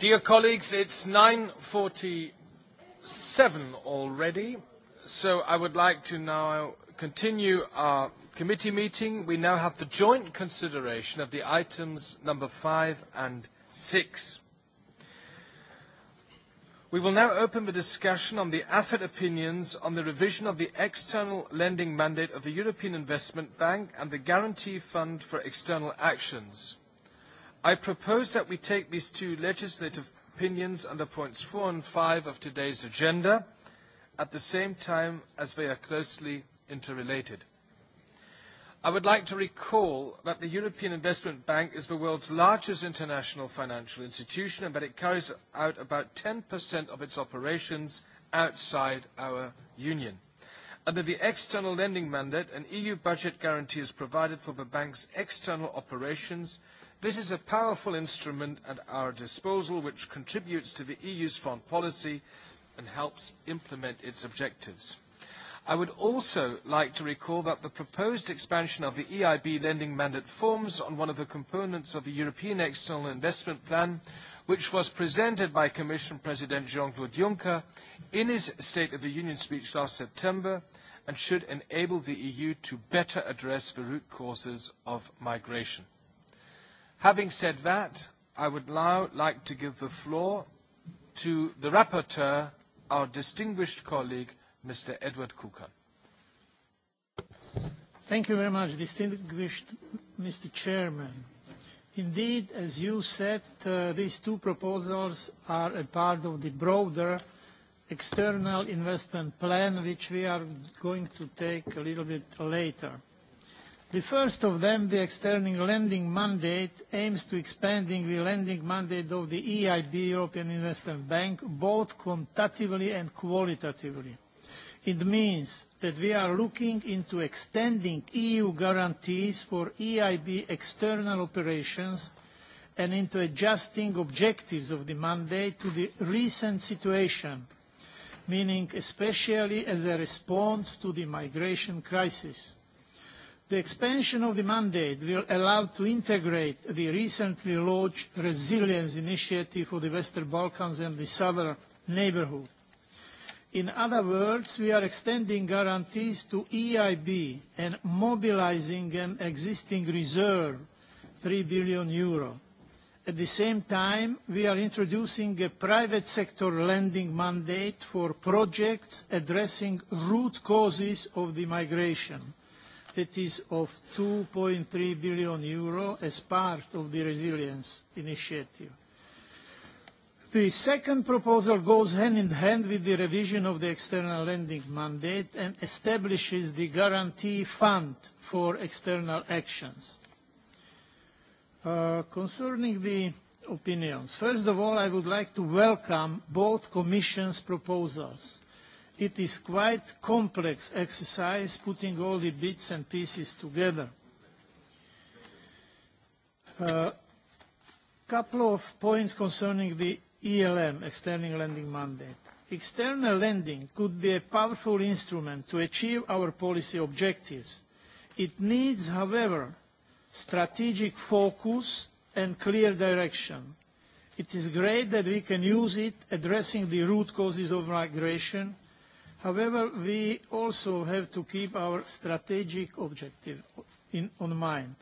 Dear colleagues, it's 9.47 already, so I would like to now continue our committee meeting. We now have the joint consideration of the items number five and six. We will now open the discussion on the AFET opinions on the revision of the external lending mandate of the European Investment Bank and the Guarantee Fund for External Actions. I propose that we take these two legislative opinions under points four and five of today's agenda at the same time as they are closely interrelated. I would like to recall that the European Investment Bank is the world's largest international financial institution and that it carries out about 10% of its operations outside our Union. Under the external lending mandate, an EU budget guarantee is provided for the bank's external operations – This is a powerful instrument at our disposal which contributes to the EU's foreign policy and helps implement its objectives. I would also like to recall that the proposed expansion of the EIB lending mandate forms on one of the components of the European External Investment Plan, which was presented by Commission President Jean-Claude Juncker in his State of the Union speech last September, and should enable the EU to better address the root causes of migration. Having said that, I would now like to give the floor to the rapporteur, our distinguished colleague, Mr. Edward Kukan. Thank you very much, distinguished Mr. Chairman. Indeed, as you said, these two proposals are a part of the broader external investment plan, which we are going to take a little bit later. The first of them, the external lending mandate, aims to expanding the lending mandate of the EIB, European Investment Bank, both quantitatively and qualitatively. It means that we are looking into extending EU guarantees for EIB external operations and into adjusting objectives of the mandate to the recent situation, meaning especially as a response to the migration crisis. The expansion of the mandate will allow to integrate the recently launched resilience initiative for the Western Balkans and the southern neighbourhood. In other words, we are extending guarantees to EIB and mobilising an existing reserve, 3 billion euro. At the same time, we are introducing a private sector lending mandate for projects addressing root causes of the migration that is of 2.3 billion euro as part of the resilience initiative. The second proposal goes hand in hand with the revision of the external lending mandate and establishes the guarantee fund for external actions. Concerning the opinions, first of all, I would like to welcome both Commission's proposals It is quite complex exercise putting all the bits and pieces together. A couple of points concerning the ELM, external lending mandate. External lending could be a powerful instrument to achieve our policy objectives. It needs, however, strategic focus and clear direction. It is great that we can use it addressing the root causes of migration However, we also have to keep our strategic objective in mind.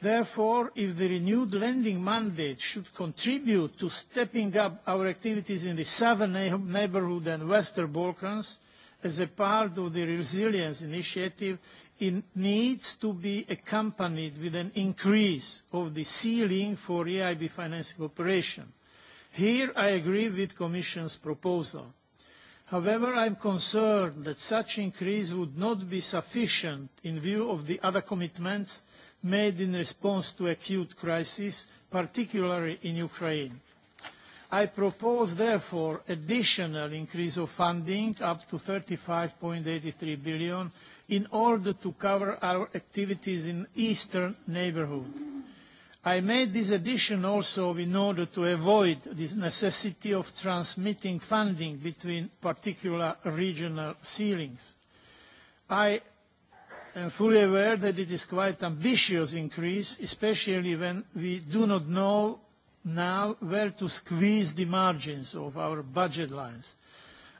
Therefore, if the renewed lending mandate should contribute to stepping up our activities in the southern neighbourhood and western Balkans, as a part of the resilience initiative, it needs to be accompanied with an increase of the ceiling for EIB financing operation. Here I agree with the Commission's proposal. However, I am concerned that such increase would not be sufficient in view of the other commitments made in response to acute crisis, particularly in Ukraine. I propose, therefore, additional increase of funding up to 35.83 billion in order to cover our activities in eastern neighbourhood. I made this addition also in order to avoid this necessity of transmitting funding between particular regional ceilings. I am fully aware that it is quite ambitious increase, especially when we do not know now where to squeeze the margins of our budget lines.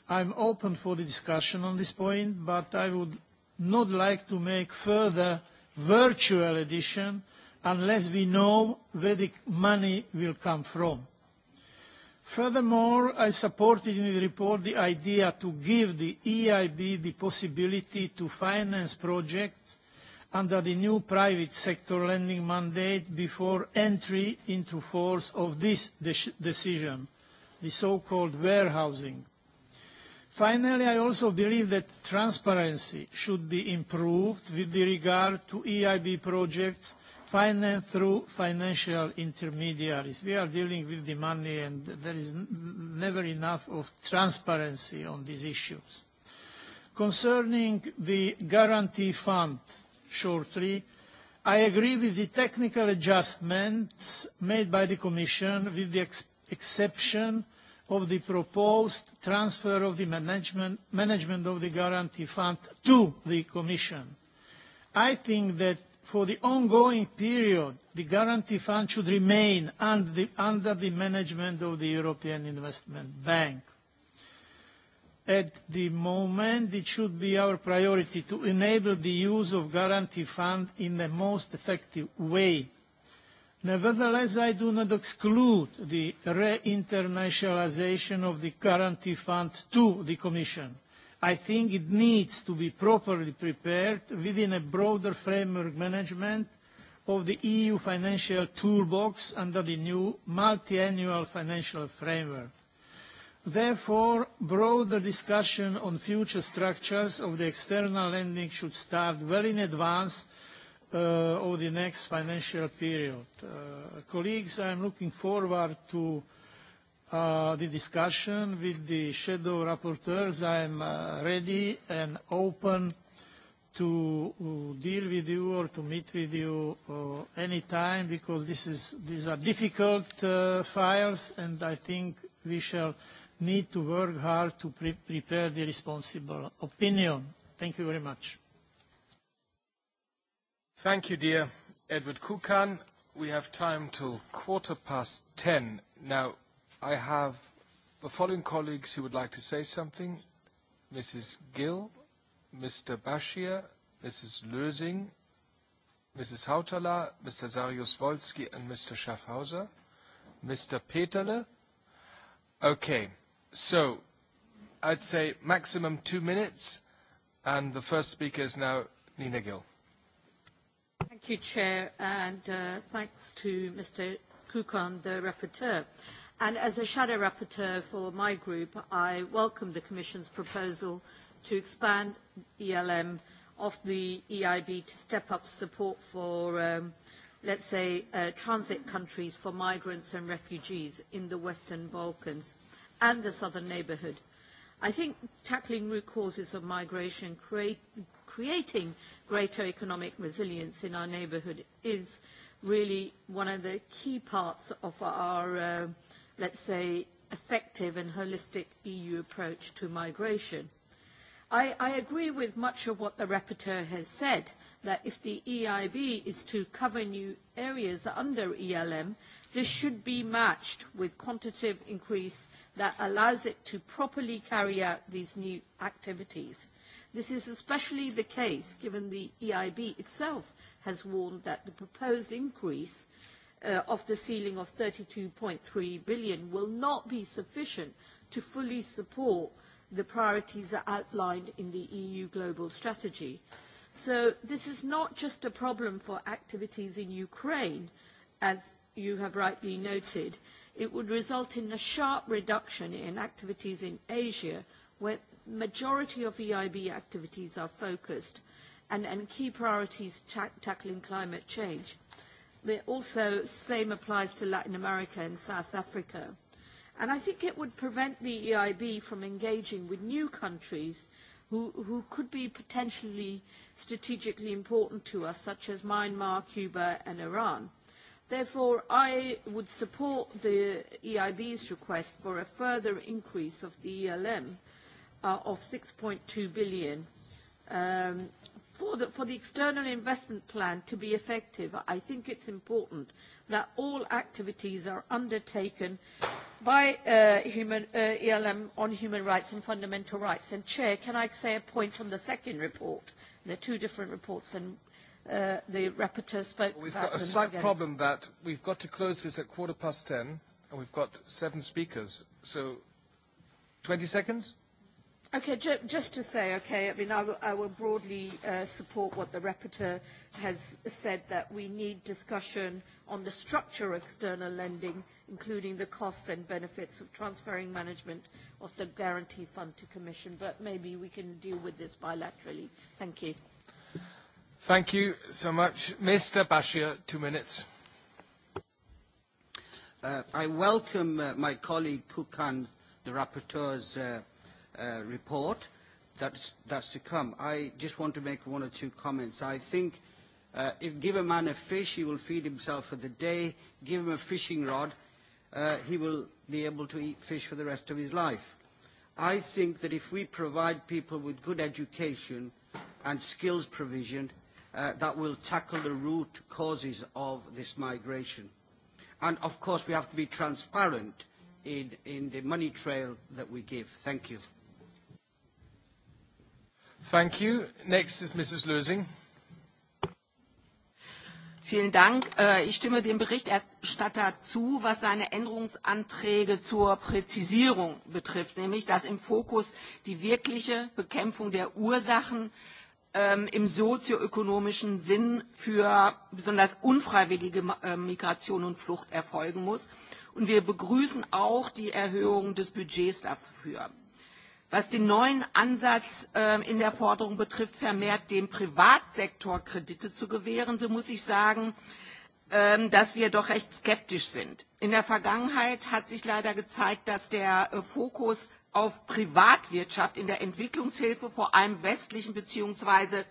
I am open for the discussion on this point, but I would not like to make further virtual addition unless we know where the money will come from. Furthermore, I supported in the report the idea to give the EIB the possibility to finance projects under the new private sector lending mandate before entry into force of this decision, the so-called warehousing. Finally, I also believe that transparency should be improved with regard to EIB projects finance through financial intermediaries. We are dealing with the money and there is never enough of transparency on these issues. Concerning the guarantee fund, shortly, I agree with the technical adjustments made by the Commission with the exception of the proposed transfer of the management of the guarantee fund to the Commission. I think that For the ongoing period, the Guarantee Fund should remain under the management of the European Investment Bank. At the moment, it should be our priority to enable the use of Guarantee Fund in the most effective way. Nevertheless, I do not exclude the re-internationalization of the Guarantee Fund to the Commission I think it needs to be properly prepared within a broader framework management of the EU financial toolbox under the new multi-annual financial framework. Therefore, broader discussion on future structures of the external lending should start well in advance of the next financial period. Colleagues, I am looking forward to the discussion with the shadow rapporteurs. I am ready and open to deal with you or to meet with you any time because these are difficult files and I think we shall need to work hard to prepare the responsible opinion. Thank you very much. Thank you, dear Edward Kukan. We have time till quarter past ten. Now, I have the following colleagues who would like to say something. Mrs. Gill, Mr. Bashir, Mrs. Lösing, Mrs. Hautala, Mr. Sarius-Wolski, and Mr. Schaffhauser. Mr. Peterle. Okay. So I'd say maximum two minutes, and the first speaker is now Nina Gill. Thank you, Chair, and thanks to Mr. Kukan, the rapporteur. And as a shadow rapporteur for my group, I welcome the Commission's proposal to expand ELM of the EIB to step up support for, let's say, transit countries for migrants and refugees in the Western Balkans and the southern neighbourhood. I think tackling root causes of migration, creating greater economic resilience in our neighbourhood is really one of the key parts of our let's say, effective and holistic EU approach to migration. I agree with much of what the rapporteur has said, that if the EIB is to cover new areas under ELM, this should be matched with quantitative increase that allows it to properly carry out these new activities. This is especially the case given the EIB itself has warned that the proposed increase of the ceiling of 32.3 billion will not be sufficient to fully support the priorities outlined in the EU global strategy. So this is not just a problem for activities in Ukraine, as you have rightly noted. It would result in a sharp reduction in activities in Asia, where majority of EIB activities are focused, and key priorities tackling climate change. Also, same applies to Latin America and South Africa. And I think it would prevent the EIB from engaging with new countries who could be potentially strategically important to us, such as Myanmar, Cuba and Iran. Therefore, I would support the EIB's request for a further increase of the ELM of 6.2 billion For the external investment plan to be effective, I think it's important that all activities are undertaken by ELM on human rights and fundamental rights. And, Chair, can I say a point from the second report? There are two different reports, and the rapporteur spoke about We've got a slight problem that we've got to close this at quarter past ten, and we've got seven speakers. So, 20 seconds? Okay, just to say, okay, I mean, I will, I will broadly support what the rapporteur has said, that we need discussion on the structure of external lending, including the costs and benefits of transferring management of the guarantee fund to Commission, but maybe we can deal with this bilaterally. Thank you. Thank you so much. Mr. Bashir, two minutes. I welcome my colleague Kukan, the rapporteur's report that's, that's to come. I just want to make one or two comments. I think uh, if give a man a fish, he will feed himself for the day. Give him a fishing rod, he will be able to eat fish for the rest of his life. I think that if we provide people with good education and skills provision, that will tackle the root causes of this migration. And of course, we have to be transparent in, in the money trail that we give. Thank you. Thank you. Next is Mrs. Lösing. Vielen Dank. Ich stimme dem Berichterstatter zu, was seine Änderungsanträge zur Präzisierung betrifft, nämlich dass im Fokus die wirkliche Bekämpfung der Ursachen im sozioökonomischen Sinn für besonders unfreiwillige Migration und Flucht erfolgen muss. Und wir begrüßen auch die Erhöhung des Budgets dafür was den neuen Ansatz in der Forderung betrifft, vermehrt dem Privatsektor Kredite zu gewähren, so muss ich sagen, dass wir doch recht skeptisch sind. In der Vergangenheit hat sich leider gezeigt, dass der Fokus auf Privatwirtschaft in der Entwicklungshilfe vor allem westlichen bzw.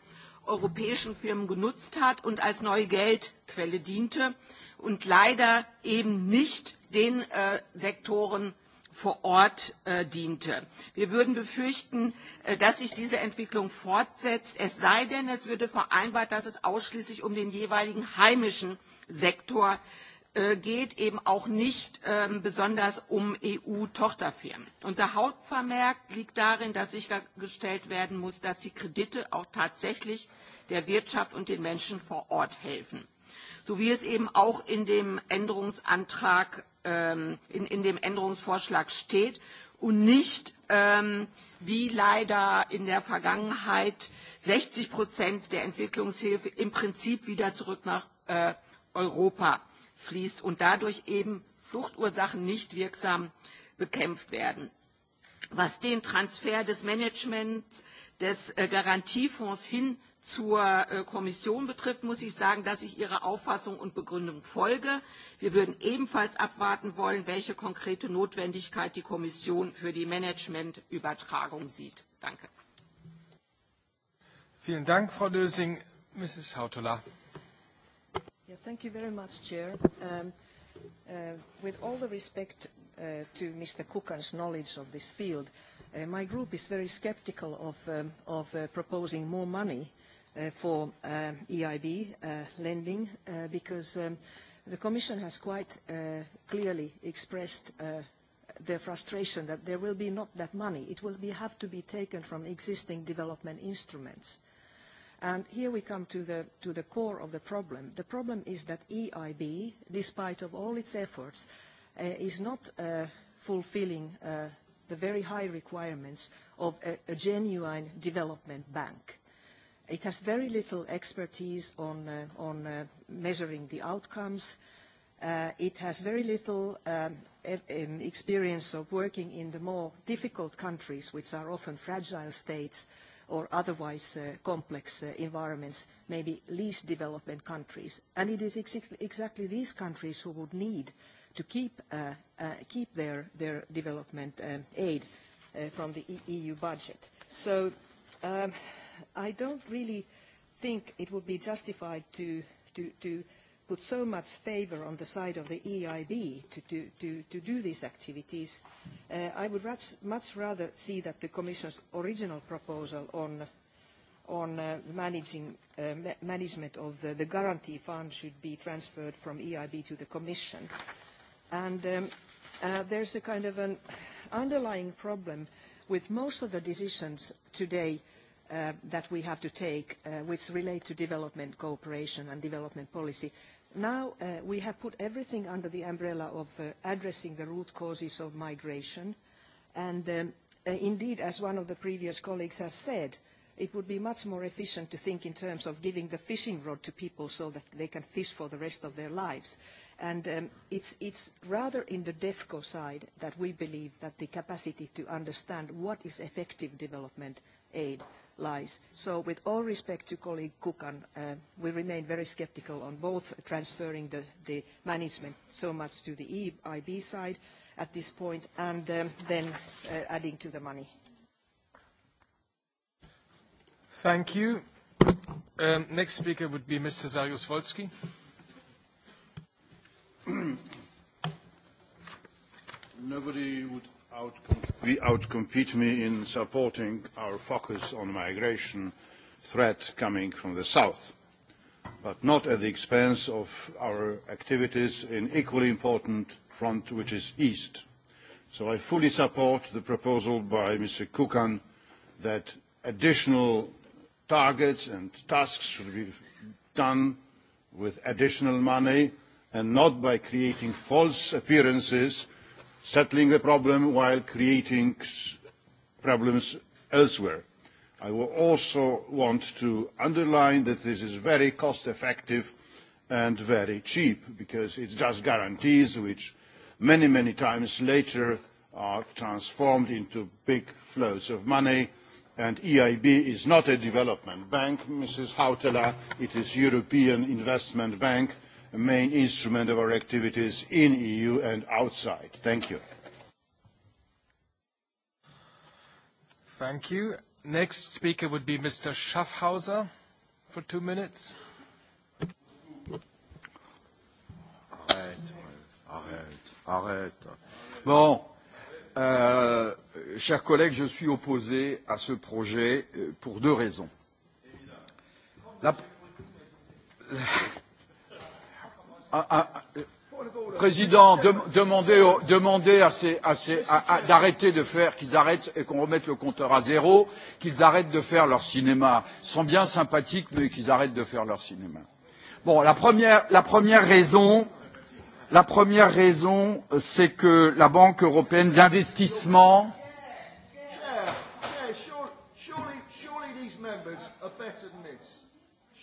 europäischen Firmen genutzt hat und als neue Geldquelle diente und leider eben nicht den Sektoren vor Ort diente. Wir würden befürchten, dass sich diese Entwicklung fortsetzt, es sei denn, es würde vereinbart, dass es ausschließlich um den jeweiligen heimischen Sektor geht, eben auch nicht besonders um EU-Tochterfirmen. Unser Hauptvermerk liegt darin, dass sichergestellt werden muss, dass die Kredite auch tatsächlich der Wirtschaft und den Menschen vor Ort helfen so wie es eben auch in dem Änderungsantrag, in dem Änderungsvorschlag steht und nicht wie leider in der Vergangenheit 60 der Entwicklungshilfe im Prinzip wieder zurück nach Europa fließt und dadurch eben Fluchtursachen nicht wirksam bekämpft werden. Was den Transfer des Managements des Garantiefonds hin zur Kommission betrifft, muss ich sagen, dass ich Ihrer Auffassung und Begründung folge. Wir würden ebenfalls abwarten wollen, welche konkrete Notwendigkeit die Kommission für die Managementübertragung sieht. Danke. Vielen Dank, Frau Lösing. Mrs. Hautola. Thank you very much, Chair. With all the respect to Mr. Kukan's knowledge of this field, my group is very skeptical of proposing more money for EIB lending because the Commission has quite clearly expressed their frustration that there will be not that money. It will have to be taken from existing development instruments. And here we come to the core of the problem. The problem is that EIB, despite of all its efforts, is not fulfilling the very high requirements of a genuine development bank. It has very little expertise on measuring the outcomes. It has very little experience of working in the more difficult countries, which are often fragile states or otherwise complex environments, maybe least developed countries. And it is exactly these countries who would need to keep their development aid from the EU budget. So I don't really think it would be justified to put so much favour on the side of the EIB to do these activities. I would much rather see that the Commission's original proposal on on management of the guarantee fund should be transferred from EIB to the Commission. And there's a kind of an underlying problem with most of the decisions today that we have to take which relate to development cooperation and development policy. Now we have put everything under the umbrella of addressing the root causes of migration and indeed as one of the previous colleagues has said it would be much more efficient to think in terms of giving the fishing rod to people so that they can fish for the rest of their lives. And it's rather in the DEFCO side that we believe that the capacity to understand what is effective development aid lies. So with all respect to colleague Kukan, we remain very sceptical on both transferring the management so much to the EIB side at this point and then adding to the money. Thank you. Next speaker would be Mr. Wolski. We outcompete me in supporting our focus on migration threat coming from the south, but not at the expense of our activities in equally important front, which is east. So I fully support the proposal by Mr. Kukan that additional targets and tasks should be done with additional money and not by creating false appearances settling the problem while creating problems elsewhere. I will also want to underline that this is very cost effective and very cheap because it's just guarantees which many, many times later are transformed into big flows of money and EIB is not a development bank, Mrs. Hautela. it is European Investment Bank main instrument of our activities in EU and outside. Thank you. Thank you. Next speaker would be Mr. Schaffhauser for two minutes. Arrête, arrête, arrête. Bon, chers collègues, je suis opposé à ce projet pour deux raisons. La, Président, demandez à ces, à ces, d'arrêter de faire, qu'ils arrêtent et qu'on remette le compteur à zéro, qu'ils arrêtent de faire leur cinéma. Ils sont bien sympathiques, mais qu'ils arrêtent de faire leur cinéma. Bon, la première, la première raison, la première raison, c'est que la Banque européenne d'investissement.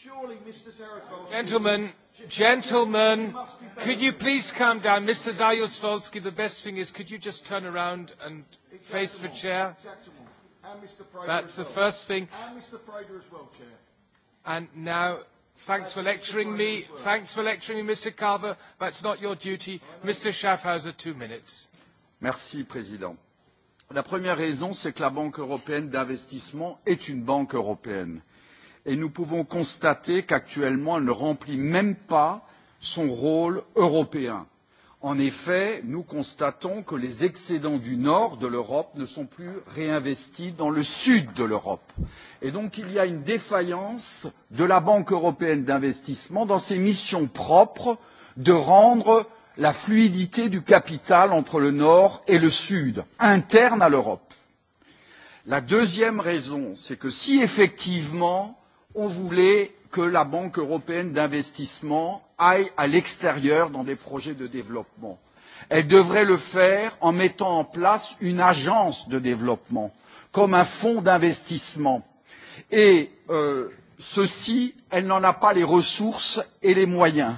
Surely, Mr. Sarasvolsky. Gentlemen, gentlemen, could you please calm down? Mr. Zajosvolsky, the best thing is, could you just turn around and face the chair? That's the first thing. And Mr. Prader as well, Chair. And now, thanks for lecturing me. Thanks for lecturing me, Mr. Carver. That's not your duty. Mr. Schaffhauser, two minutes. Merci, Président. La première raison, c'est que la Banque européenne d'investissement est une banque européenne et nous pouvons constater qu'actuellement elle ne remplit même pas son rôle européen. En effet, nous constatons que les excédents du nord de l'Europe ne sont plus réinvestis dans le sud de l'Europe. Et donc, il y a une défaillance de la Banque européenne d'investissement dans ses missions propres de rendre la fluidité du capital entre le nord et le sud, interne à l'Europe. La deuxième raison, c'est que si effectivement on voulait que la Banque européenne d'investissement aille à l'extérieur dans des projets de développement. Elle devrait le faire en mettant en place une agence de développement, comme un fonds d'investissement. Et ceci, elle n'en a pas les ressources et les moyens.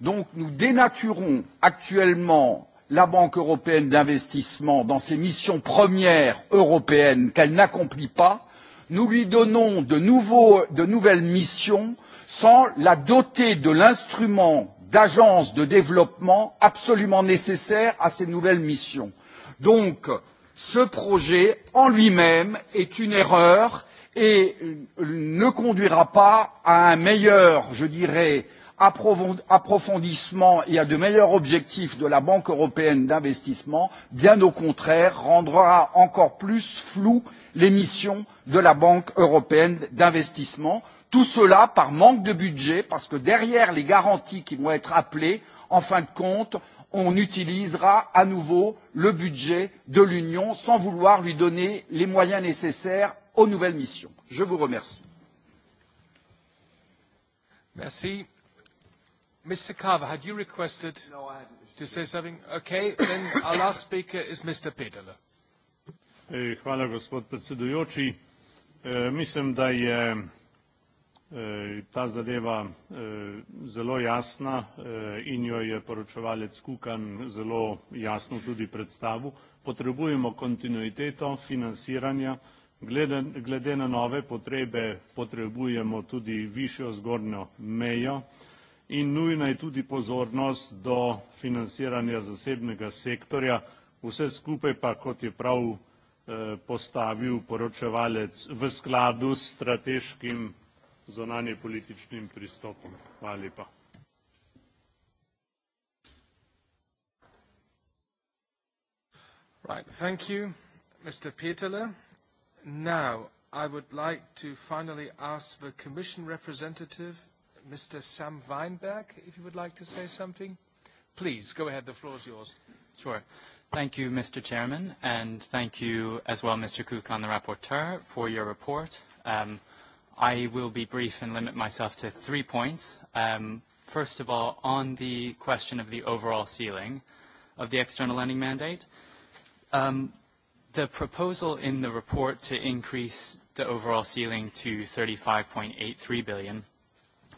Donc nous dénaturons actuellement la Banque européenne d'investissement dans ses missions premières européennes qu'elle n'accomplit pas nous lui donnons de nouvelles missions sans la doter de l'instrument d'agence de développement absolument nécessaire à ces nouvelles missions. donc ce projet en lui même est une erreur et ne conduira pas à un meilleur je dirais approfondissement et à de meilleurs objectifs de la banque européenne d'investissement bien au contraire rendra encore plus flou les missions de la Banque européenne d'investissement. Tout cela par manque de budget, parce que derrière les garanties qui vont être appelées, en fin de compte, on utilisera à nouveau le budget de l'Union sans vouloir lui donner les moyens nécessaires aux nouvelles missions. Je vous remercie. Merci. Mr. Carver, had you requested to say something? Okay, then our last speaker is Mr. Peterle. Hvala, gospod predsedujoči. Mislim, da je ta zadeva zelo jasna in jo je poročevalec Kukan zelo jasno tudi predstavil. Potrebujemo kontinuiteto financiranja. Glede na nove potrebe potrebujemo tudi višjo zgornjo mejo in nujna je tudi pozornost do financiranja zasebnega sektorja. Vse skupaj pa, kot je prav postavil poročevalec v skladu s strateškim zonanje političnim pristopom. Hvala lepa. Right, thank you, Mr. Peterle. Now, I would like to finally ask the Commission representative, Mr. Sam Weinberg, if you would like to say something. Please, go ahead, the floor is yours. Sure. Thank you, Mr. Chairman, and thank you as well, Mr. on the rapporteur, for your report. I will be brief and limit myself to three points. First of all, on the question of the overall ceiling of the external lending mandate, the proposal in the report to increase the overall ceiling to 35.83 billion,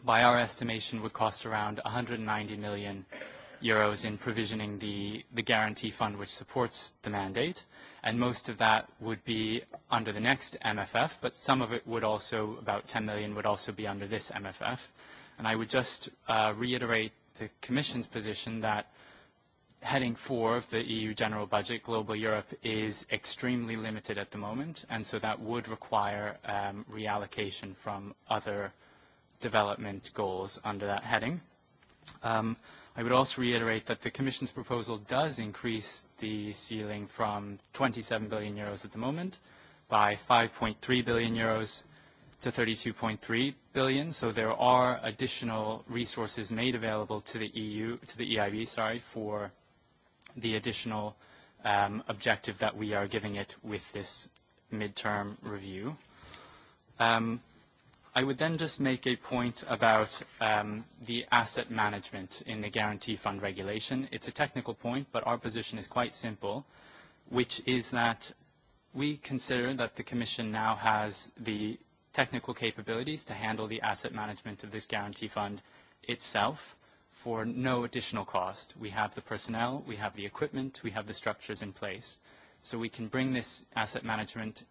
by our estimation, would cost around 190 million euros in provisioning the the guarantee fund which supports the mandate and most of that would be under the next MFF but some of it would also about 10 million would also be under this MFF and I would just reiterate the commission's position that heading four of the EU general budget global Europe is extremely limited at the moment and so that would require um reallocation from other development goals under that heading um I would also reiterate that the Commission's proposal does increase the ceiling from 27 billion euros at the moment by 5.3 billion euros to 32.3 billion. So there are additional resources made available to the EU, to the EIB, sorry, for the additional objective that we are giving it with this midterm review. Um, I would then just make a point about the asset management in the guarantee fund regulation. It's a technical point, but our position is quite simple, which is that we consider that the Commission now has the technical capabilities to handle the asset management of this guarantee fund itself for no additional cost. We have the personnel, we have the equipment, we have the structures in place. So we can bring this asset management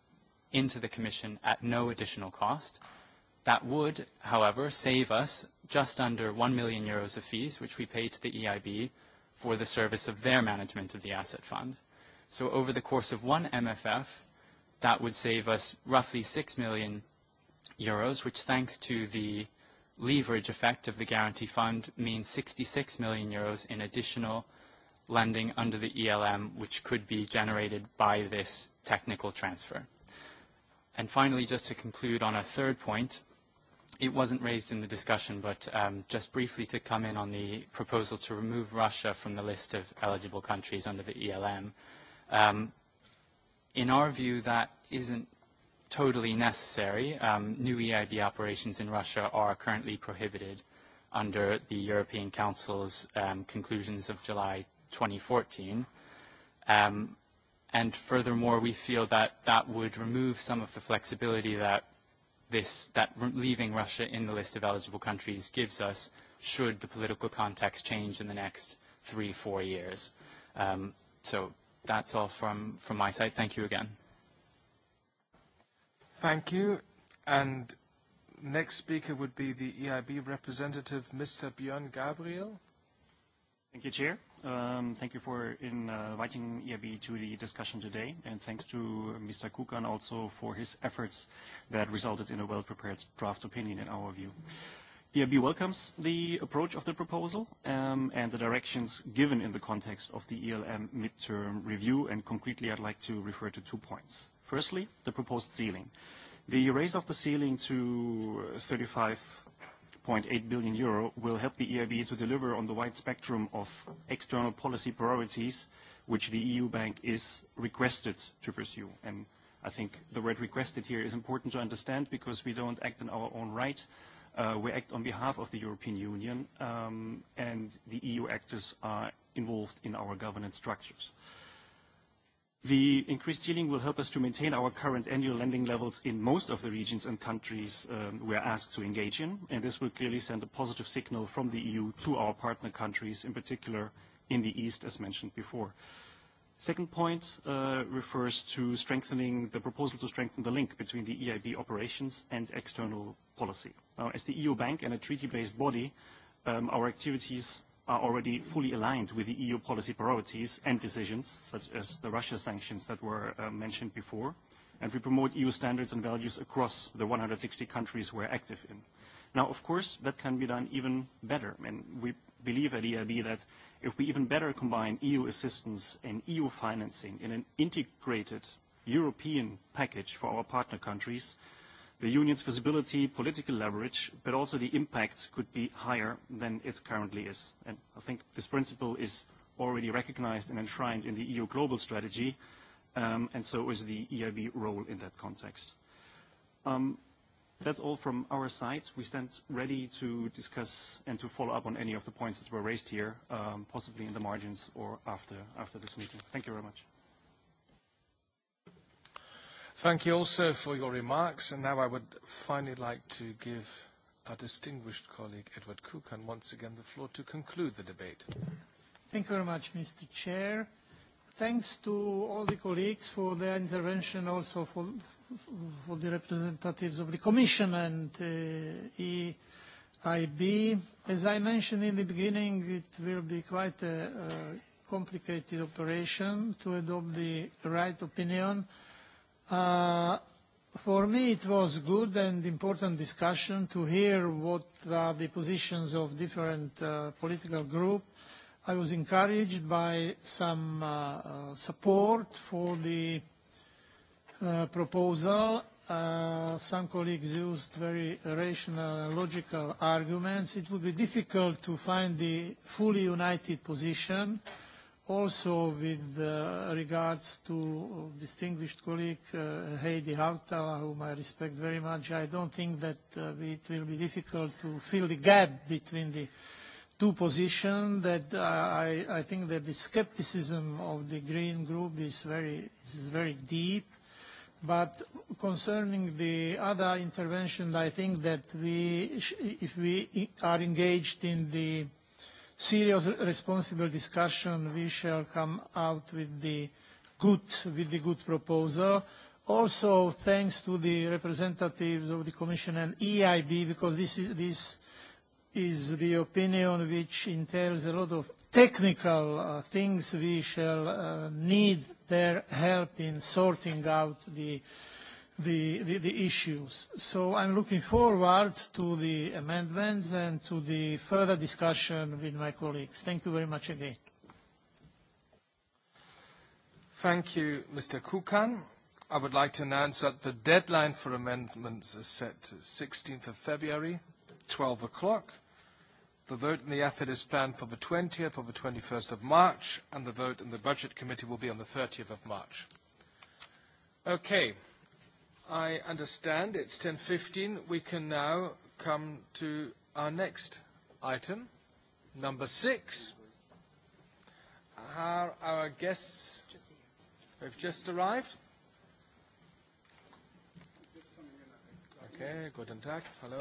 into the Commission at no additional cost That would, however, save us just under 1 million euros of fees, which we pay to the EIB for the service of their management of the asset fund. So over the course of one MFF, that would save us roughly 6 million euros, which thanks to the leverage effect of the guarantee fund means 66 million euros in additional lending under the ELM, which could be generated by this technical transfer. And finally, just to conclude on a third point, It wasn't raised in the discussion, but just briefly to come in on the proposal to remove Russia from the list of eligible countries under the ELM. In our view, that isn't totally necessary. New EIB operations in Russia are currently prohibited under the European Council's conclusions of July 2014. And furthermore, we feel that that would remove some of the flexibility that this that leaving Russia in the list of eligible countries gives us should the political context change in the next three, four years. so that's all from, from my side. Thank you again. Thank you. And next speaker would be the EIB representative, Mr. Björn Gabriel. Thank you, Chair. Thank you for inviting EIB to the discussion today, and thanks to Mr. Kukan also for his efforts that resulted in a well-prepared draft opinion in our view. EIB welcomes the approach of the proposal and the directions given in the context of the ELM midterm review, and concretely I'd like to refer to two points. Firstly, the proposed ceiling. The raise of the ceiling to 35 1.8 billion euro will help the EIB to deliver on the wide spectrum of external policy priorities which the EU Bank is requested to pursue. And I think the word requested here is important to understand because we don't act in our own right. We act on behalf of the European Union, and the EU actors are involved in our governance structures. The increased ceiling will help us to maintain our current annual lending levels in most of the regions and countries we are asked to engage in, and this will clearly send a positive signal from the EU to our partner countries, in particular in the East, as mentioned before. Second point refers to strengthening the proposal to strengthen the link between the EIB operations and external policy. as the EU bank and a treaty-based body, our activities are already fully aligned with the EU policy priorities and decisions, such as the Russia sanctions that were mentioned before, and we promote EU standards and values across the 160 countries we're active in. Now, of course, that can be done even better, and we believe at EIB that if we even better combine EU assistance and EU financing in an integrated European package for our partner countries, The union's visibility, political leverage, but also the impact could be higher than it currently is. And I think this principle is already recognized and enshrined in the EU global strategy, and so is the EIB role in that context. That's all from our side. We stand ready to discuss and to follow up on any of the points that were raised here, possibly in the margins or after this meeting. Thank you very much. Thank you also for your remarks. And now I would finally like to give our distinguished colleague Edward Kukan once again the floor to conclude the debate. Thank you very much, Mr. Chair. Thanks to all the colleagues for their intervention, also for, for the representatives of the Commission and EIB. As I mentioned in the beginning, it will be quite a complicated operation to adopt the right opinion For me it was good and important discussion to hear what are the positions of different political groups. I was encouraged by some support for the proposal. Some colleagues used very rational and logical arguments. It would be difficult to find the fully united position also with regards to distinguished colleague Heidi Hautala, whom I respect very much, I don't think that it will be difficult to fill the gap between the two positions. That I, think that the skepticism of the Green Group is very is very deep. But concerning the other intervention, I think that we, if we are engaged in the serious, responsible discussion, we shall come out with the good, with the good proposal. Also, thanks to the representatives of the Commission and EIB, because this is, this is the opinion which entails a lot of technical things. We shall need their help in sorting out the the issues. So I'm looking forward to the amendments and to the further discussion with my colleagues. Thank you very much again. Thank you, Mr. Kukan. I would like to announce that the deadline for amendments is set to 16th of February, 12 o'clock. The vote in the AFID is planned for the 20th or the 21st of March, and the vote in the Budget Committee will be on the 30th of March. Okay. I understand it's 10.15. We can now come to our next item, number six. our guests have just arrived? Okay, guten Tag, hello.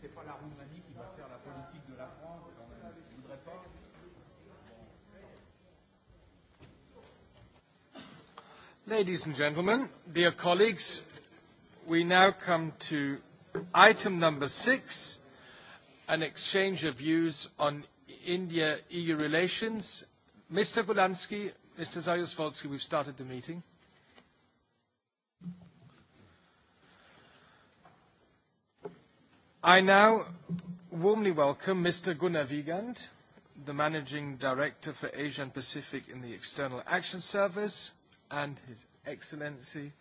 c'est pas la Roumanie qui va faire la politique de la France Je voudrais pas. Ladies and gentlemen, dear colleagues, we now come to item number six an exchange of views on India-EU relations. Mr. Bulansky, Mr. Zajuswolski, we've started the meeting. I now warmly welcome Mr. Gunnar Wiegand, the Managing Director for Asia and Pacific in the External Action Service, and His Excellency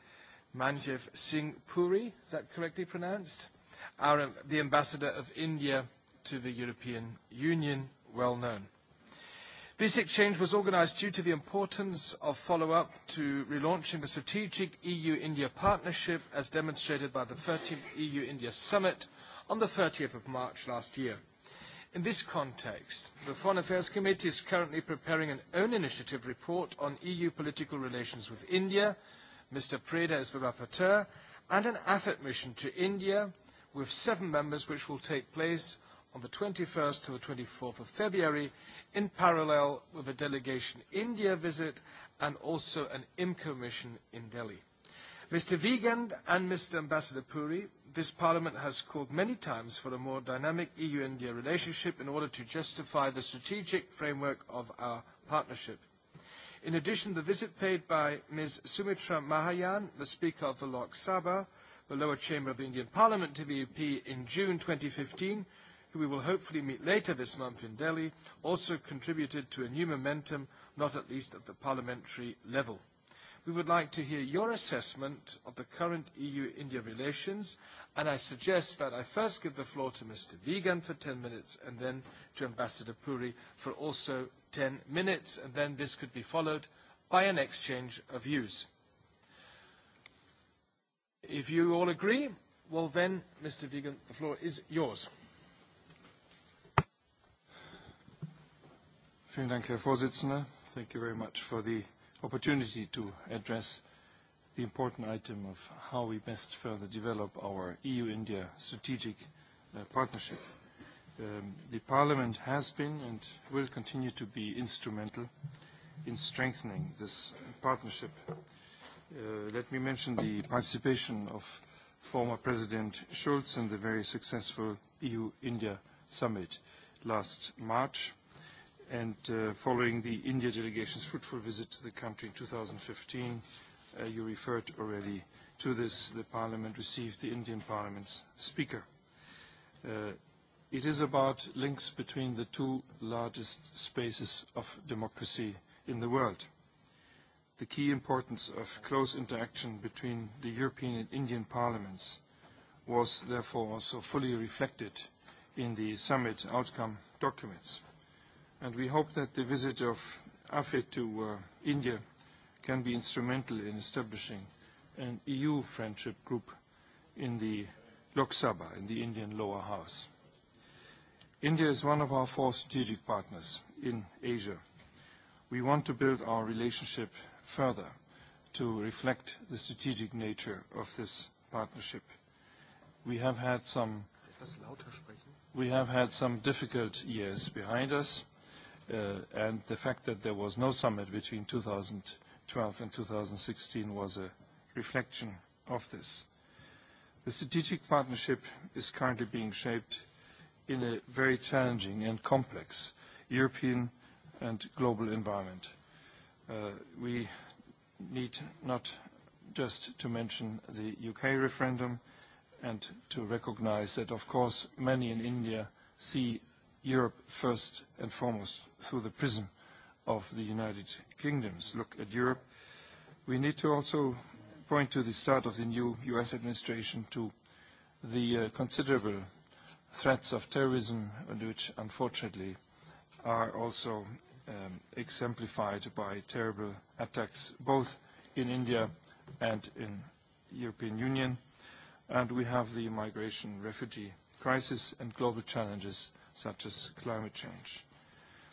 Manjev Singh Puri, is that correctly pronounced, the Ambassador of India to the European Union well known. This exchange was organised due to the importance of follow-up to relaunching the strategic EU-India partnership as demonstrated by the 13th EU-India summit on the 30th of March last year. In this context, the Foreign Affairs Committee is currently preparing an own initiative report on EU political relations with India. Mr. Preda is the rapporteur, and an AFET mission to India with seven members which will take place on the 21st to the 24th of February, in parallel with a delegation India visit and also an IMCO mission in Delhi. Mr. Wiegand and Mr. Ambassador Puri, this Parliament has called many times for a more dynamic EU-India relationship in order to justify the strategic framework of our partnership. In addition, the visit paid by Ms. Sumitra Mahayan, the Speaker of the Lok Sabha, the lower chamber of the Indian Parliament, to the EP in June 2015, we will hopefully meet later this month in Delhi, also contributed to a new momentum, not at least at the parliamentary level. We would like to hear your assessment of the current EU-India relations, and I suggest that I first give the floor to Mr. Vegan for 10 minutes, and then to Ambassador Puri for also 10 minutes, and then this could be followed by an exchange of views. If you all agree, well then, Mr. Vegan, the floor is yours. Vielen Dank, Herr Vorsitzender. Thank you very much for the opportunity to address the important item of how we best further develop our EU-India strategic partnership. The Parliament has been and will continue to be instrumental in strengthening this partnership. Let me mention the participation of former President Schulz in the very successful EU-India summit last March and following the India delegation's fruitful visit to the country in 2015, you referred already to this, the Parliament received the Indian Parliament's Speaker. It is about links between the two largest spaces of democracy in the world. The key importance of close interaction between the European and Indian parliaments was therefore also fully reflected in the summit outcome documents and we hope that the visit of AFE to India can be instrumental in establishing an EU friendship group in the Lok Sabha, in the Indian lower house. India is one of our four strategic partners in Asia. We want to build our relationship further to reflect the strategic nature of this partnership. We have had some difficult years behind us, and the fact that there was no summit between 2012 and 2016 was a reflection of this. The strategic partnership is currently being shaped in a very challenging and complex European and global environment. We need not just to mention the UK referendum and to recognize that, of course, many in India see Europe first and foremost through the prism of the United Kingdom's look at Europe. We need to also point to the start of the new U.S. administration to the considerable threats of terrorism, which unfortunately are also exemplified by terrible attacks both in India and in the European Union. And we have the migration refugee crisis and global challenges such as climate change.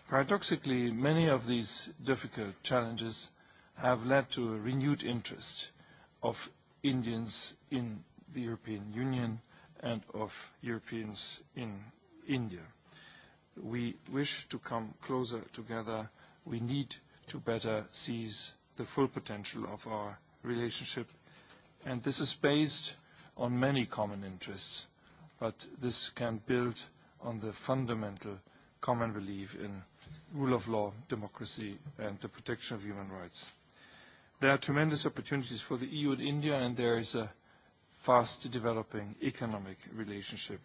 Paradoxically, many of these difficult challenges have led to a renewed interest of Indians in the European Union and of Europeans in India. We wish to come closer together. We need to better seize the full potential of our relationship, and this is based on many common interests, but this can build on the fundamental common belief in rule of law, democracy, and the protection of human rights. There are tremendous opportunities for the EU and India, and there is a fast developing economic relationship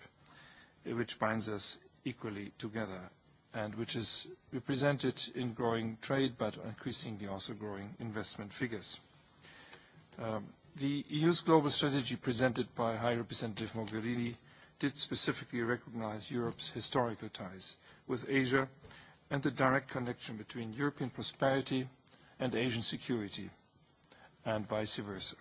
which binds us equally together and which is represented in growing trade but increasingly also growing investment figures. The EU's global strategy presented by High Representative Mogherini did specifically recognize Europe's historical ties with Asia and the direct connection between European prosperity and Asian security, and vice versa.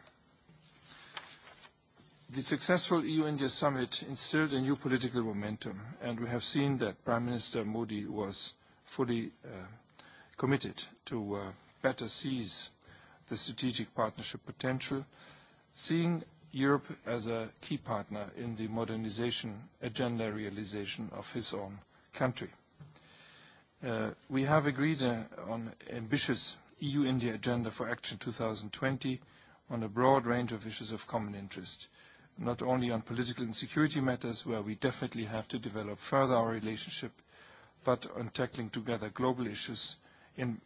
The successful EU-India summit instilled a new political momentum, and we have seen that Prime Minister Modi was fully committed to better seize the strategic partnership potential, seeing Europe as a key partner in the modernization agenda realization of his own country. We have agreed on an ambitious EU-India agenda for Action 2020 on a broad range of issues of common interest, not only on political and security matters, where we definitely have to develop further our relationship, but on tackling together global issues in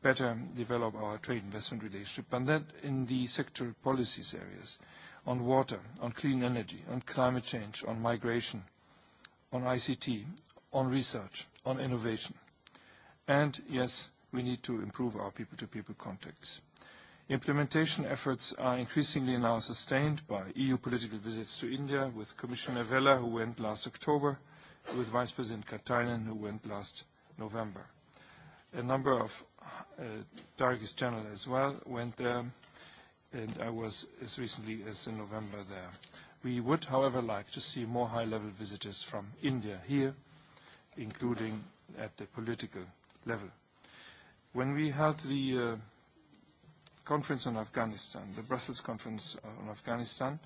better develop our trade investment relationship, and that in the sectoral policies areas, on water, on clean energy, on climate change, on migration, on ICT, on research, on innovation. And yes, we need to improve our people-to-people contacts. Implementation efforts are increasingly now sustained by EU political visits to India with Commissioner Vella, who went last October, with Vice President Katainen, who went last November a number of Dargis channel as well went there, and I was as recently as in November there. We would, however, like to see more high-level visitors from India here, including at the political level. When we held the conference on Afghanistan, the Brussels conference on Afghanistan,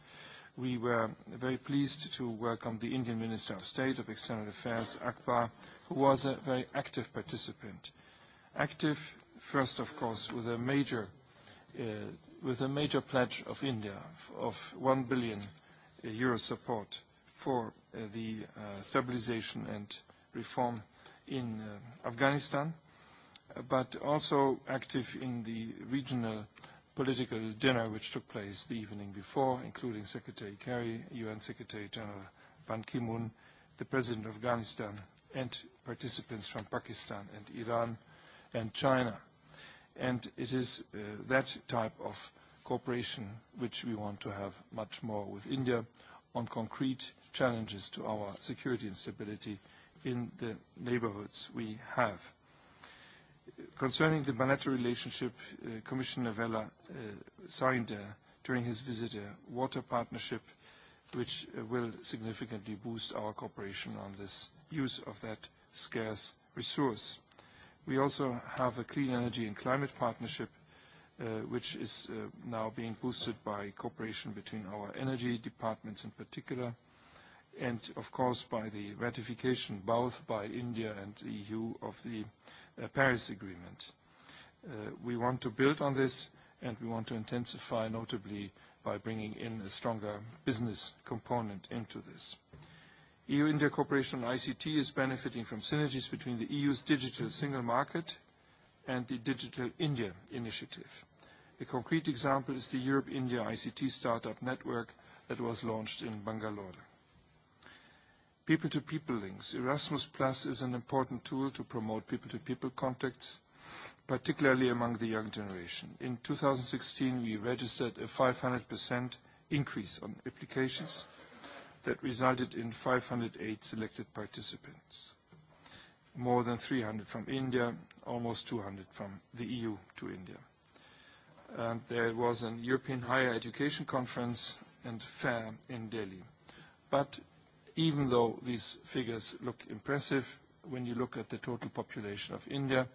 we were very pleased to welcome the Indian Minister of State of External Affairs, Akbar, who was a very active participant active, first, of course, with a major with a major pledge of India of 1 billion euro support for the stabilization and reform in Afghanistan, but also active in the regional political dinner which took place the evening before, including Secretary Kerry, UN Secretary General Ban Ki-moon, the President of Afghanistan, and participants from Pakistan and Iran, and China. And it is that type of cooperation which we want to have much more with India on concrete challenges to our security and stability in the neighborhoods we have. Concerning the bilateral relationship, Commissioner Vella signed during his visit a water partnership which will significantly boost our cooperation on this use of that scarce resource. We also have a clean energy and climate partnership, which is now being boosted by cooperation between our energy departments in particular, and of course by the ratification both by India and the EU of the Paris Agreement. We want to build on this, and we want to intensify, notably by bringing in a stronger business component into this. EU-India cooperation on ICT is benefiting from synergies between the EU's digital single market and the Digital India initiative. A concrete example is the Europe-India ICT startup network that was launched in Bangalore. People-to-people links. Erasmus is an important tool to promote people-to-people contacts, particularly among the young generation. In 2016, we registered a 500% increase on applications that resulted in 508 selected participants, more than 300 from India, almost 200 from the EU to India. And there was a European Higher Education Conference and Fair in Delhi. But even though these figures look impressive, when you look at the total population of India,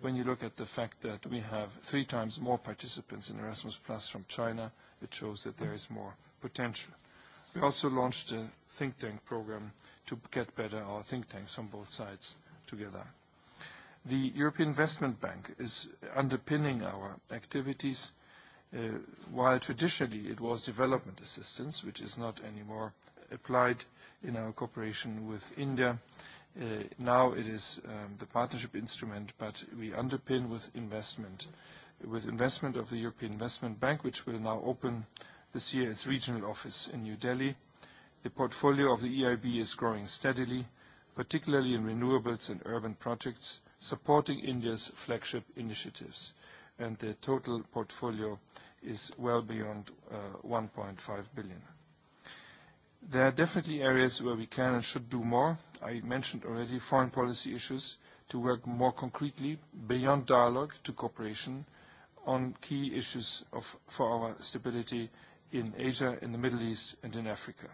when you look at the fact that we have three times more participants in Erasmus Plus from China, it shows that there is more potential. We also launched a think tank program to get better our think tanks on both sides together. The European Investment Bank is underpinning our activities, while traditionally it was development assistance, which is not anymore applied in our cooperation with India. Now it is the partnership instrument, but we underpin with investment, with investment of the European Investment Bank, which will now open this year its regional office in New Delhi. The portfolio of the EIB is growing steadily, particularly in renewables and urban projects, supporting India's flagship initiatives, and the total portfolio is well beyond 1.5 billion. There are definitely areas where we can and should do more. I mentioned already foreign policy issues, to work more concretely beyond dialogue to cooperation on key issues for our stability in Asia, in the Middle East, and in Africa.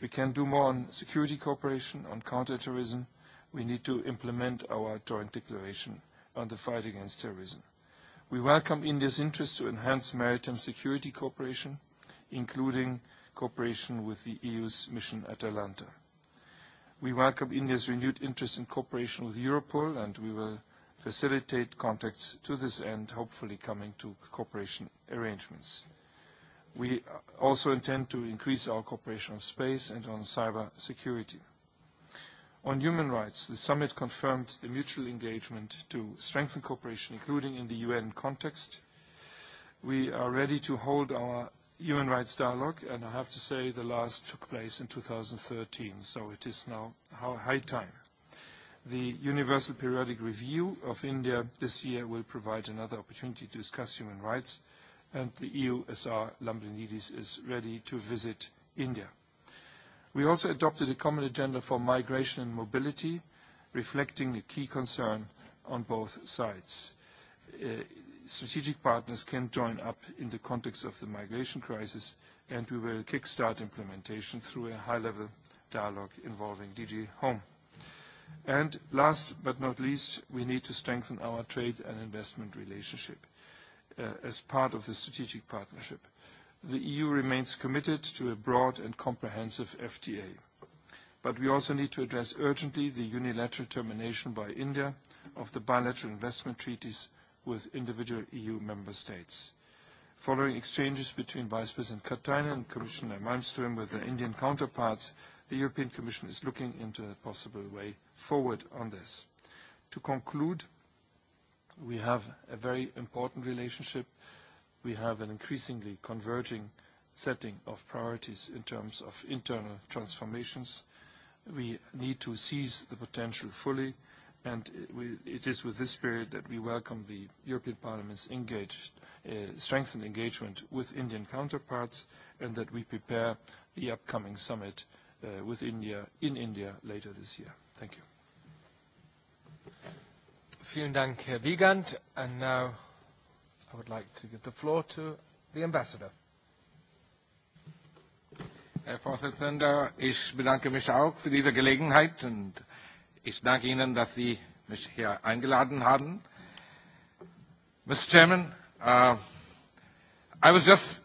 We can do more on security cooperation, on counterterrorism. We need to implement our joint declaration on the fight against terrorism. We welcome India's interest to enhance maritime security cooperation, including cooperation with the EU's mission at Atalanta. We welcome India's renewed interest in cooperation with Europol, and we will facilitate contacts to this end, hopefully coming to cooperation arrangements. We also intend to increase our cooperation on space and on cyber security. On human rights, the summit confirmed the mutual engagement to strengthen cooperation, including in the UN context. We are ready to hold our human rights dialogue, and I have to say the last took place in 2013, so it is now high time. The Universal Periodic Review of India this year will provide another opportunity to discuss human rights and the SR Lambrinidis is ready to visit India. We also adopted a common agenda for migration and mobility, reflecting the key concern on both sides. Strategic partners can join up in the context of the migration crisis, and we will kickstart implementation through a high-level dialogue involving DG Home. And last but not least, we need to strengthen our trade and investment relationship as part of the strategic partnership. The EU remains committed to a broad and comprehensive FTA. But we also need to address urgently the unilateral termination by India of the bilateral investment treaties with individual EU member states. Following exchanges between Vice President Katainen and Commissioner Malmström with their Indian counterparts, the European Commission is looking into a possible way forward on this. To conclude, We have a very important relationship. We have an increasingly converging setting of priorities in terms of internal transformations. We need to seize the potential fully, and it is with this spirit that we welcome the European Parliament's strengthened engagement with Indian counterparts and that we prepare the upcoming summit with India in India later this year. Thank you. Vielen Dank, Herr Wiegand. And now I would like to give the floor to the Ambassador. Herr Vorsitzender, ich bedanke mich auch für diese Gelegenheit und ich danke Ihnen, dass Sie mich hier eingeladen haben. Mr. Chairman, uh, I was just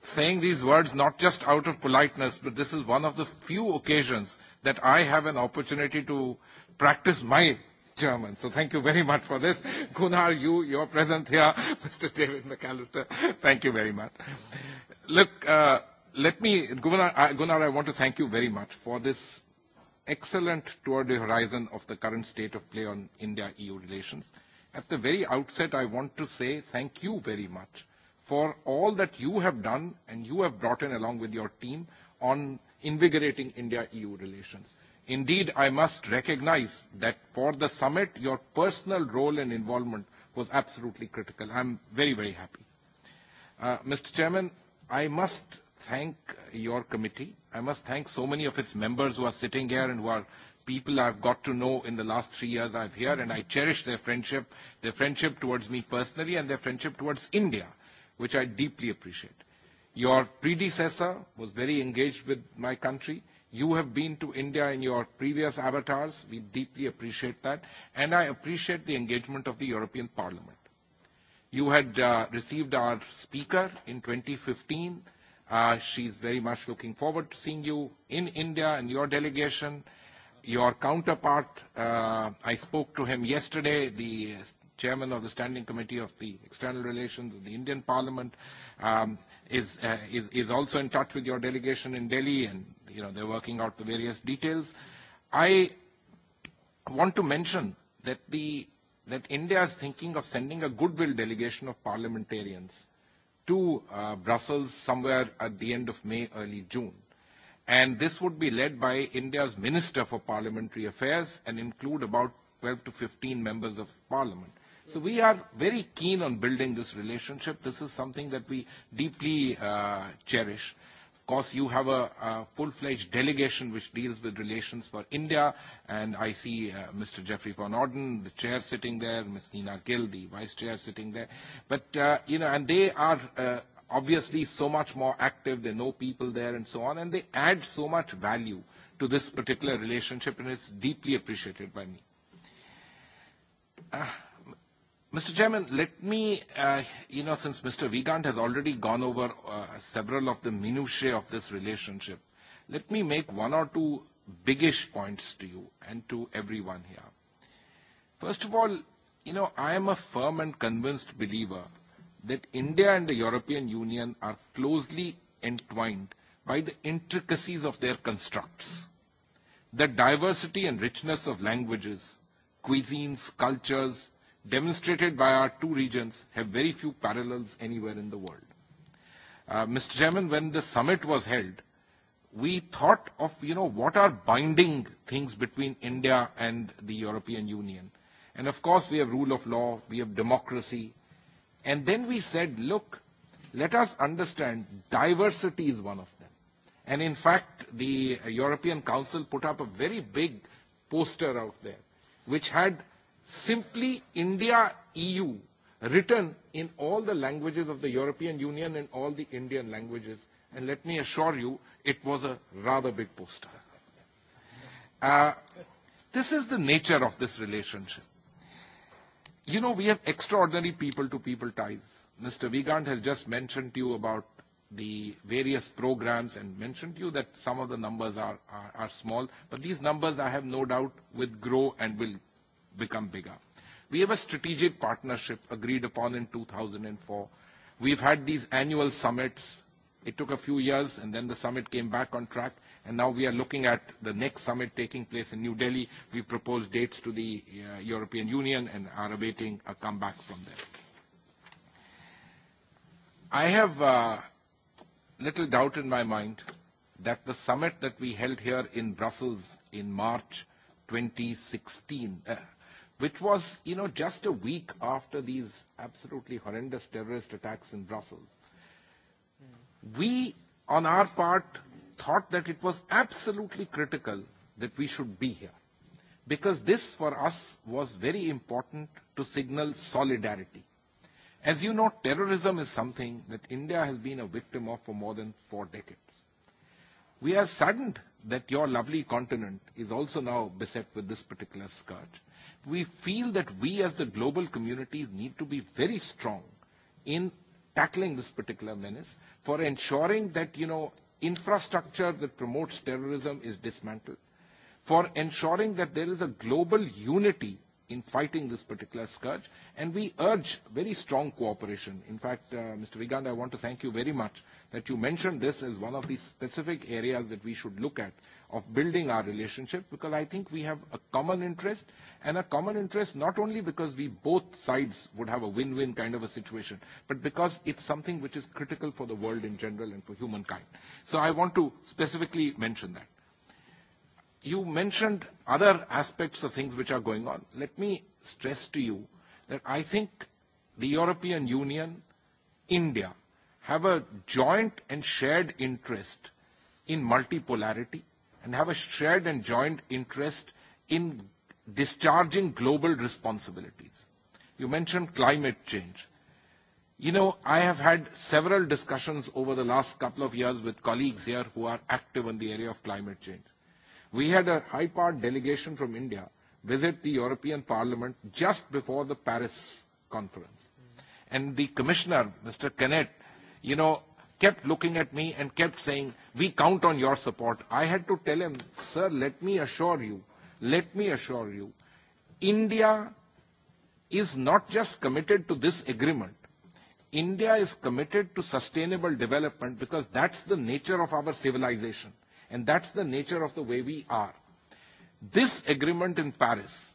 saying these words not just out of politeness, but this is one of the few occasions that I have an opportunity to practice my German. So thank you very much for this. Gunnar, you, your presence here, Mr. David McAllister, thank you very much. Look, let me, Gunnar, Gunnar, I want to thank you very much for this excellent tour de horizon of the current state of play on India-EU relations. At the very outset, I want to say thank you very much for all that you have done and you have brought in along with your team on invigorating India-EU relations. Indeed, I must recognize that for the summit, your personal role and involvement was absolutely critical. I'm very, very happy. Mr. Chairman, I must thank your committee. I must thank so many of its members who are sitting here and who are people I've got to know in the last three years I've here, and I cherish their friendship, their friendship towards me personally, and their friendship towards India, which I deeply appreciate. Your predecessor was very engaged with my country. You have been to India in your previous avatars. We deeply appreciate that. And I appreciate the engagement of the European Parliament. You had received our speaker in 2015. is very much looking forward to seeing you in India and your delegation. Your counterpart, I spoke to him yesterday, the chairman of the Standing Committee of the External Relations of the Indian Parliament, is also in touch with your delegation in Delhi and you know, they're working out the various details. I want to mention that the that India is thinking of sending a goodwill delegation of parliamentarians to Brussels somewhere at the end of May, early June. And this would be led by India's Minister for Parliamentary Affairs and include about 12 to 15 members of parliament. So we are very keen on building this relationship. This is something that we deeply cherish course, you have a full-fledged delegation which deals with relations for India, and I see Mr. Jeffrey von Orden, the chair sitting there, Ms. Nina Gill, the vice chair sitting there. But, you know, and they are obviously so much more active, they know people there and so on, and they add so much value to this particular relationship, and it's deeply appreciated by me. Mr. Chairman, let me, you know, since Mr. Vigant has already gone over several of the minutiae of this relationship, let me make one or two biggish points to you and to everyone here. First of all, you know, I am a firm and convinced believer that India and the European Union are closely entwined by the intricacies of their constructs. The diversity and richness of languages, cuisines, cultures, demonstrated by our two regions, have very few parallels anywhere in the world. Mr. Chairman, when the summit was held, we thought of, you know, what are binding things between India and the European Union. And of course, we have rule of law, we have democracy. And then we said, look, let us understand diversity is one of them. And in fact, the European Council put up a very big poster out there, which had simply India EU written in all the languages of the European Union and all the Indian languages. And let me assure you, it was a rather big poster. This is the nature of this relationship. You know, we have extraordinary people-to-people ties. Mr. Vigand has just mentioned to you about the various programs and mentioned to you that some of the numbers are small, but these numbers, I have no doubt, will grow and will become bigger. We have a strategic partnership agreed upon in 2004. We've had these annual summits. It took a few years, and then the summit came back on track, and now we are looking at the next summit taking place in New Delhi. We proposed dates to the European Union and are awaiting a comeback from them. I have little doubt in my mind that the summit that we held here in Brussels in March 2016, which was, you know, just a week after these absolutely horrendous terrorist attacks in Brussels. We, on our part, thought that it was absolutely critical that we should be here, because this, for us, was very important to signal solidarity. As you know, terrorism is something that India has been a victim of for more than four decades. We are saddened that your lovely continent is also now beset with this particular scourge we feel that we as the global community need to be very strong in tackling this particular menace for ensuring that, you know, infrastructure that promotes terrorism is dismantled, for ensuring that there is a global unity in fighting this particular scourge, and we urge very strong cooperation. In fact, Mr. Vigand, I want to thank you very much that you mentioned this as one of the specific areas that we should look at of building our relationship because I think we have a common interest and a common interest not only because we both sides would have a win-win kind of a situation, but because it's something which is critical for the world in general and for humankind. So I want to specifically mention that. You mentioned other aspects of things which are going on. Let me stress to you that I think the European Union, India, have a joint and shared interest in multipolarity, and have a shared and joint interest in discharging global responsibilities. You mentioned climate change. You know, I have had several discussions over the last couple of years with colleagues here who are active in the area of climate change. We had a high powered delegation from India visit the European Parliament just before the Paris conference. And the commissioner, Mr. Kennett, you know, kept looking at me and kept saying, we count on your support. I had to tell him, sir, let me assure you, let me assure you, India is not just committed to this agreement. India is committed to sustainable development because that's the nature of our civilization and that's the nature of the way we are. This agreement in Paris,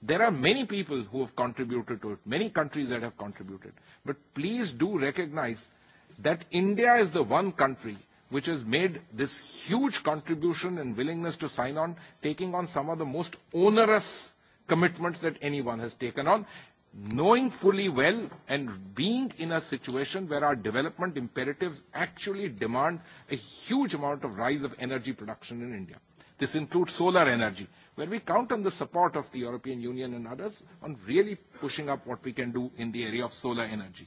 there are many people who have contributed to it, many countries that have contributed. But please do recognize that India is the one country which has made this huge contribution and willingness to sign on, taking on some of the most onerous commitments that anyone has taken on, knowing fully well and being in a situation where our development imperatives actually demand a huge amount of rise of energy production in India. This includes solar energy, where we count on the support of the European Union and others on really pushing up what we can do in the area of solar energy.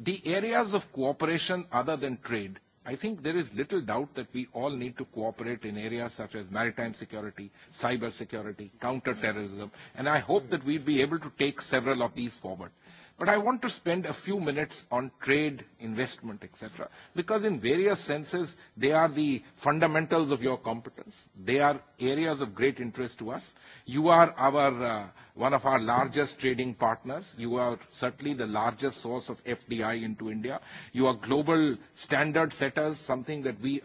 The areas of cooperation other than trade, I think there is little doubt that we all need to cooperate in areas such as maritime security, cyber security, counterterrorism, and I hope that we'll be able to take several of these forward. But I want to spend a few minutes on trade, investment, etc. Because in various senses, they are the fundamentals of your competence. They are areas of great interest to us. You are our one of our largest trading partners. You are certainly the largest source of FDI into India. You are global standard setters, something that we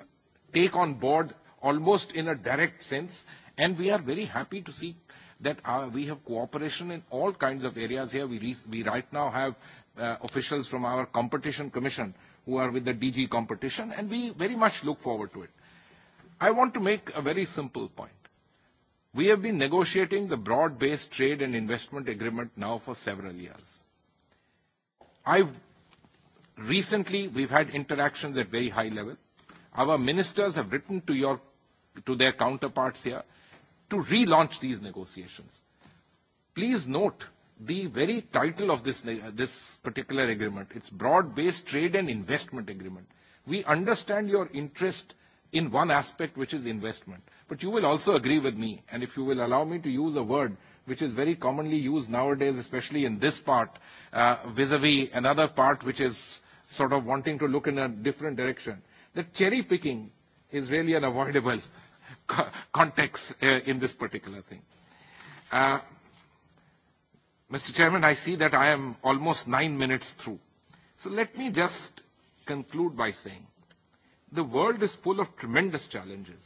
take on board almost in a direct sense. And we are very happy to see that we have cooperation in all kinds of areas here. We right now have officials from our Competition Commission who are with the DG Competition, and we very much look forward to it. I want to make a very simple point. We have been negotiating the broad-based trade and investment agreement now for several years. I've recently we've had interactions at very high level. Our ministers have written to your to their counterparts here to relaunch these negotiations. Please note the very title of this this particular agreement. It's broad-based trade and investment agreement. We understand your interest in one aspect, which is investment. But you will also agree with me, and if you will allow me to use a word which is very commonly used nowadays, especially in this part, vis-à-vis another part which is sort of wanting to look in a different direction, that cherry picking is really unavoidable context in this particular thing. Mr. Chairman, I see that I am almost nine minutes through. So let me just conclude by saying the world is full of tremendous challenges.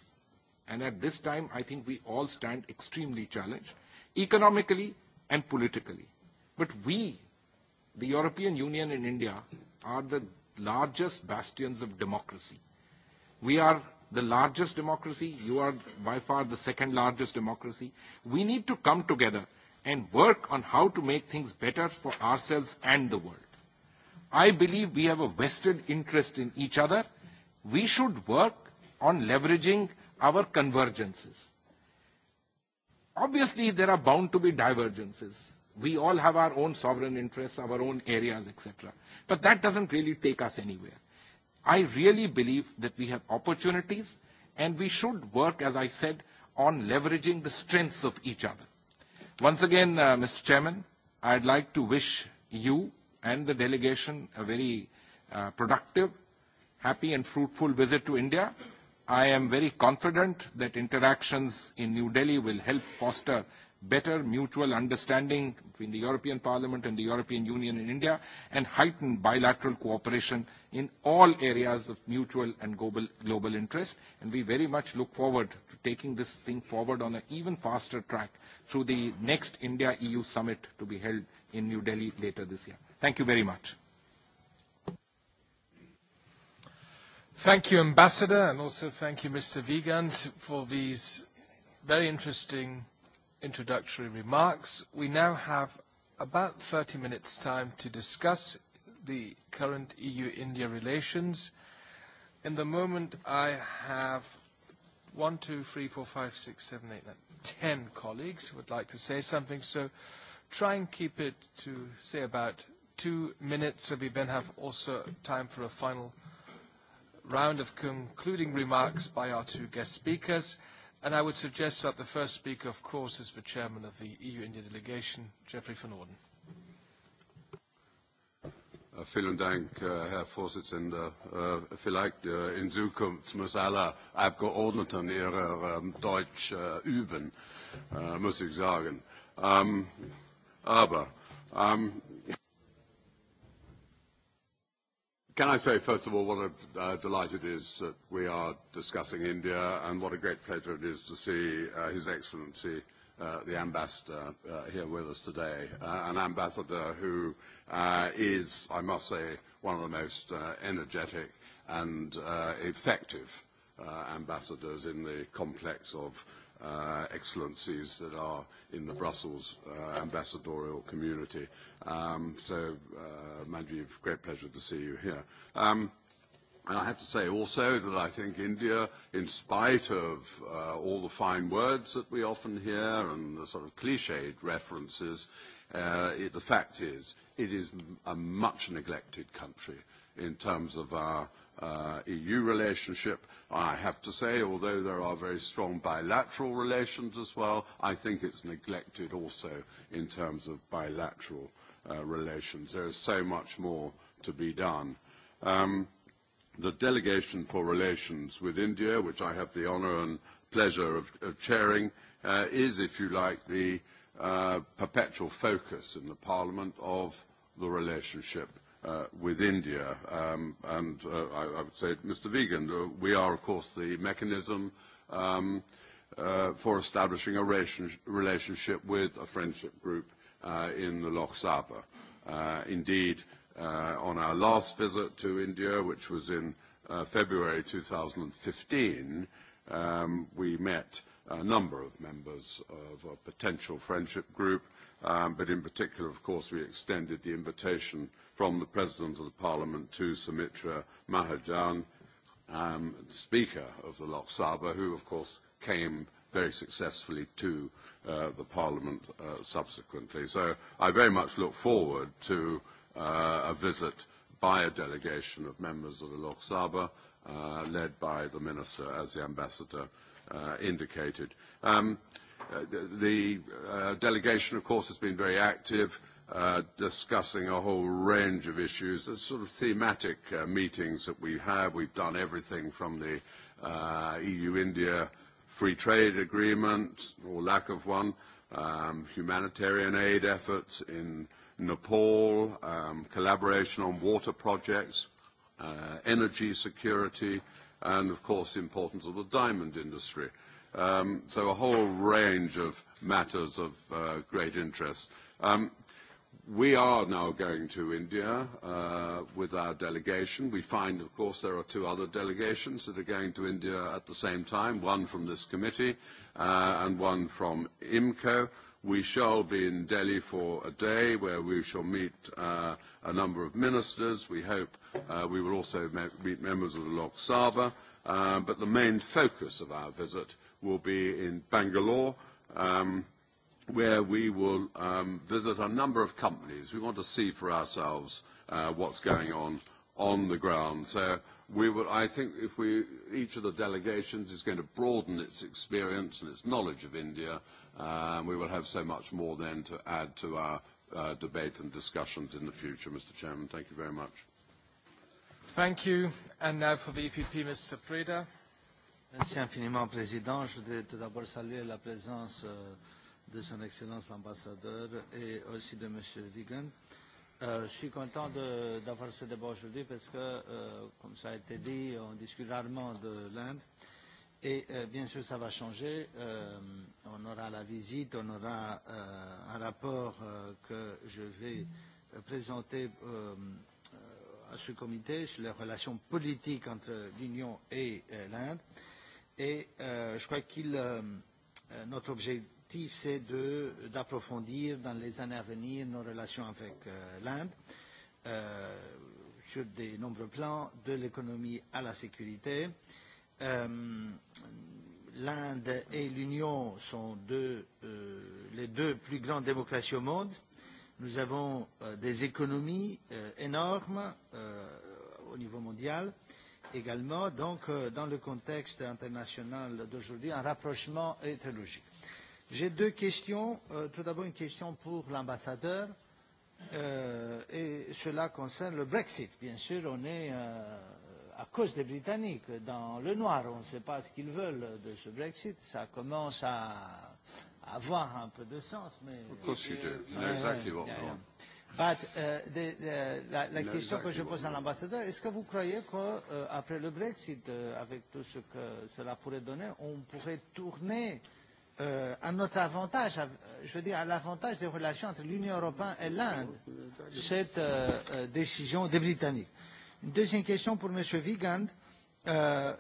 And at this time, I think we all stand extremely challenged, economically and politically. But we, the European Union and India, are the largest bastions of democracy. We are the largest democracy. You are by far the second largest democracy. We need to come together and work on how to make things better for ourselves and the world. I believe we have a vested interest in each other. We should work on leveraging our convergences. Obviously, there are bound to be divergences. We all have our own sovereign interests, our own areas, etc. But that doesn't really take us anywhere. I really believe that we have opportunities and we should work, as I said, on leveraging the strengths of each other. Once again, Mr. Chairman, I'd like to wish you and the delegation a very productive, happy and fruitful visit to India. I am very confident that interactions in New Delhi will help foster better mutual understanding between the European Parliament and the European Union in India, and heightened bilateral cooperation in all areas of mutual and global interest. And we very much look forward to taking this thing forward on an even faster track through the next India-EU summit to be held in New Delhi later this year. Thank you very much. Thank you, Ambassador, and also thank you, Mr. Wiegand, for these very interesting introductory remarks. We now have about 30 minutes' time to discuss the current EU-India relations. In the moment, I have one, two, three, four, five, six, seven, eight, nine, ten colleagues who would like to say something, so try and keep it to, say, about two minutes, so we then have also time for a final round of concluding remarks by our two guest speakers. And I would suggest that the first speaker, of course, is the chairman of the EU-India delegation, Geoffrey van Orden. Vielen Dank, Herr Vorsitzender. Vielleicht in Zukunft muss alle Abgeordneten ihre Deutsch üben, muss ich sagen. Aber Can I say, first of all, what a delight it is that we are discussing India, and what a great pleasure it is to see His Excellency, the Ambassador, here with us today. An Ambassador who is, I must say, one of the most energetic and effective ambassadors in the complex of excellencies that are in the Brussels ambassadorial community. So, Manjeev, great pleasure to see you here. I have to say also that I think India, in spite of all the fine words that we often hear and the sort of cliched references, the fact is it is a much neglected country in terms of our EU relationship. I have to say, although there are very strong bilateral relations as well, I think it's neglected also in terms of bilateral relations. There is so much more to be done. The delegation for relations with India, which I have the honour and pleasure of chairing, is, if you like, the perpetual focus in the Parliament of the relationship with India. And I would say, Mr. Vigan, we are, of course, the mechanism for establishing a relationship with a friendship group in the Loch Sabha, Indeed, on our last visit to India, which was in February 2015, we met a number of members of a potential friendship group, but in particular, of course, we extended the invitation from the President of the Parliament to Sumitra Mahajan, Speaker of the Lok Sabha, who, of course, came very successfully to the Parliament subsequently. So I very much look forward to a visit by a delegation of members of the Lok Sabha, led by the Minister, as the Ambassador indicated. The delegation, of course, has been very active, discussing a whole range of issues. There's sort of thematic meetings that we have. We've done everything from the EU-India free trade agreement or lack of one, humanitarian aid efforts in Nepal, collaboration on water projects, energy security, and of course the importance of the diamond industry. So a whole range of matters of great interest. We are now going to India with our delegation. We find, of course, there are two other delegations that are going to India at the same time, one from this committee and one from IMCO. We shall be in Delhi for a day where we shall meet a number of ministers. We hope we will also meet members of the Lok Sabha. But the main focus of our visit will be in Bangalore where we will visit a number of companies. We want to see for ourselves what's going on on the ground. So we will I think, if we each of the delegations is going to broaden its experience and its knowledge of India, we will have so much more then to add to our debate and discussions in the future. Mr. Chairman, thank you very much. Thank you. And now for the EPP, Mr. Preda. Merci infiniment, Président. Je voudrais d'abord saluer la présence de son Excellence l'ambassadeur et aussi de M. Digan. Je suis content d'avoir ce débat aujourd'hui parce que, comme ça a été dit, on discute rarement de l'Inde. Et bien sûr, ça va changer. On aura la visite, on aura un rapport que je vais présenter à ce comité sur les relations politiques entre l'Union et l'Inde. Et je crois que notre objectif objectif, c'est d'approfondir dans les années à venir nos relations avec l'Inde sur de nombreux plans, de l'économie à la sécurité. L'Inde et l'Union sont les deux plus grandes démocraties au monde. Nous avons des économies énormes au niveau mondial également. Donc, dans le contexte international d'aujourd'hui, un rapprochement est très logique. J'ai deux questions. Tout d'abord, une question pour l'ambassadeur. Et cela concerne le Brexit. Bien sûr, on est à cause des Britanniques dans le noir. On ne sait pas ce qu'ils veulent de ce Brexit. Ça commence à avoir un peu de sens. Mais... Of course you do. exactly what But la question que je pose à l'ambassadeur, est-ce que vous croyez qu'après le Brexit, avec tout ce que cela pourrait donner, on pourrait tourner à notre avantage, je veux dire à l'avantage des relations entre l'Union européenne et l'Inde, cette décision des Britanniques. Une deuxième question pour M. Vigand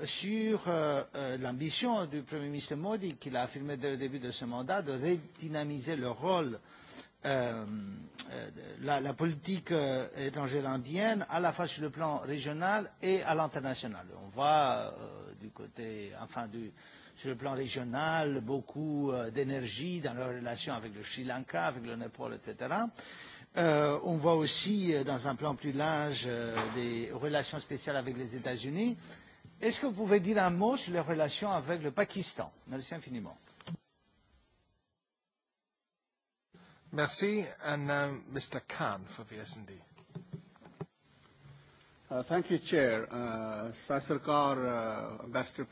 sur l'ambition du Premier ministre Modi, qu'il a affirmé dès le début de ce mandat, de redynamiser le rôle, la politique étrangère indienne, à la fois sur le plan régional et à l'international. On voit du côté, enfin du sur le plan régional, beaucoup d'énergie dans leurs relations avec le Sri Lanka, avec le Népal, etc. On voit aussi, dans un plan plus large, des relations spéciales avec les États-Unis. Est-ce que vous pouvez dire un mot sur les relations avec le Pakistan Merci infiniment. Merci. And Mr. Khan for VSD. Thank you, Chair. Sarkar, Ambassador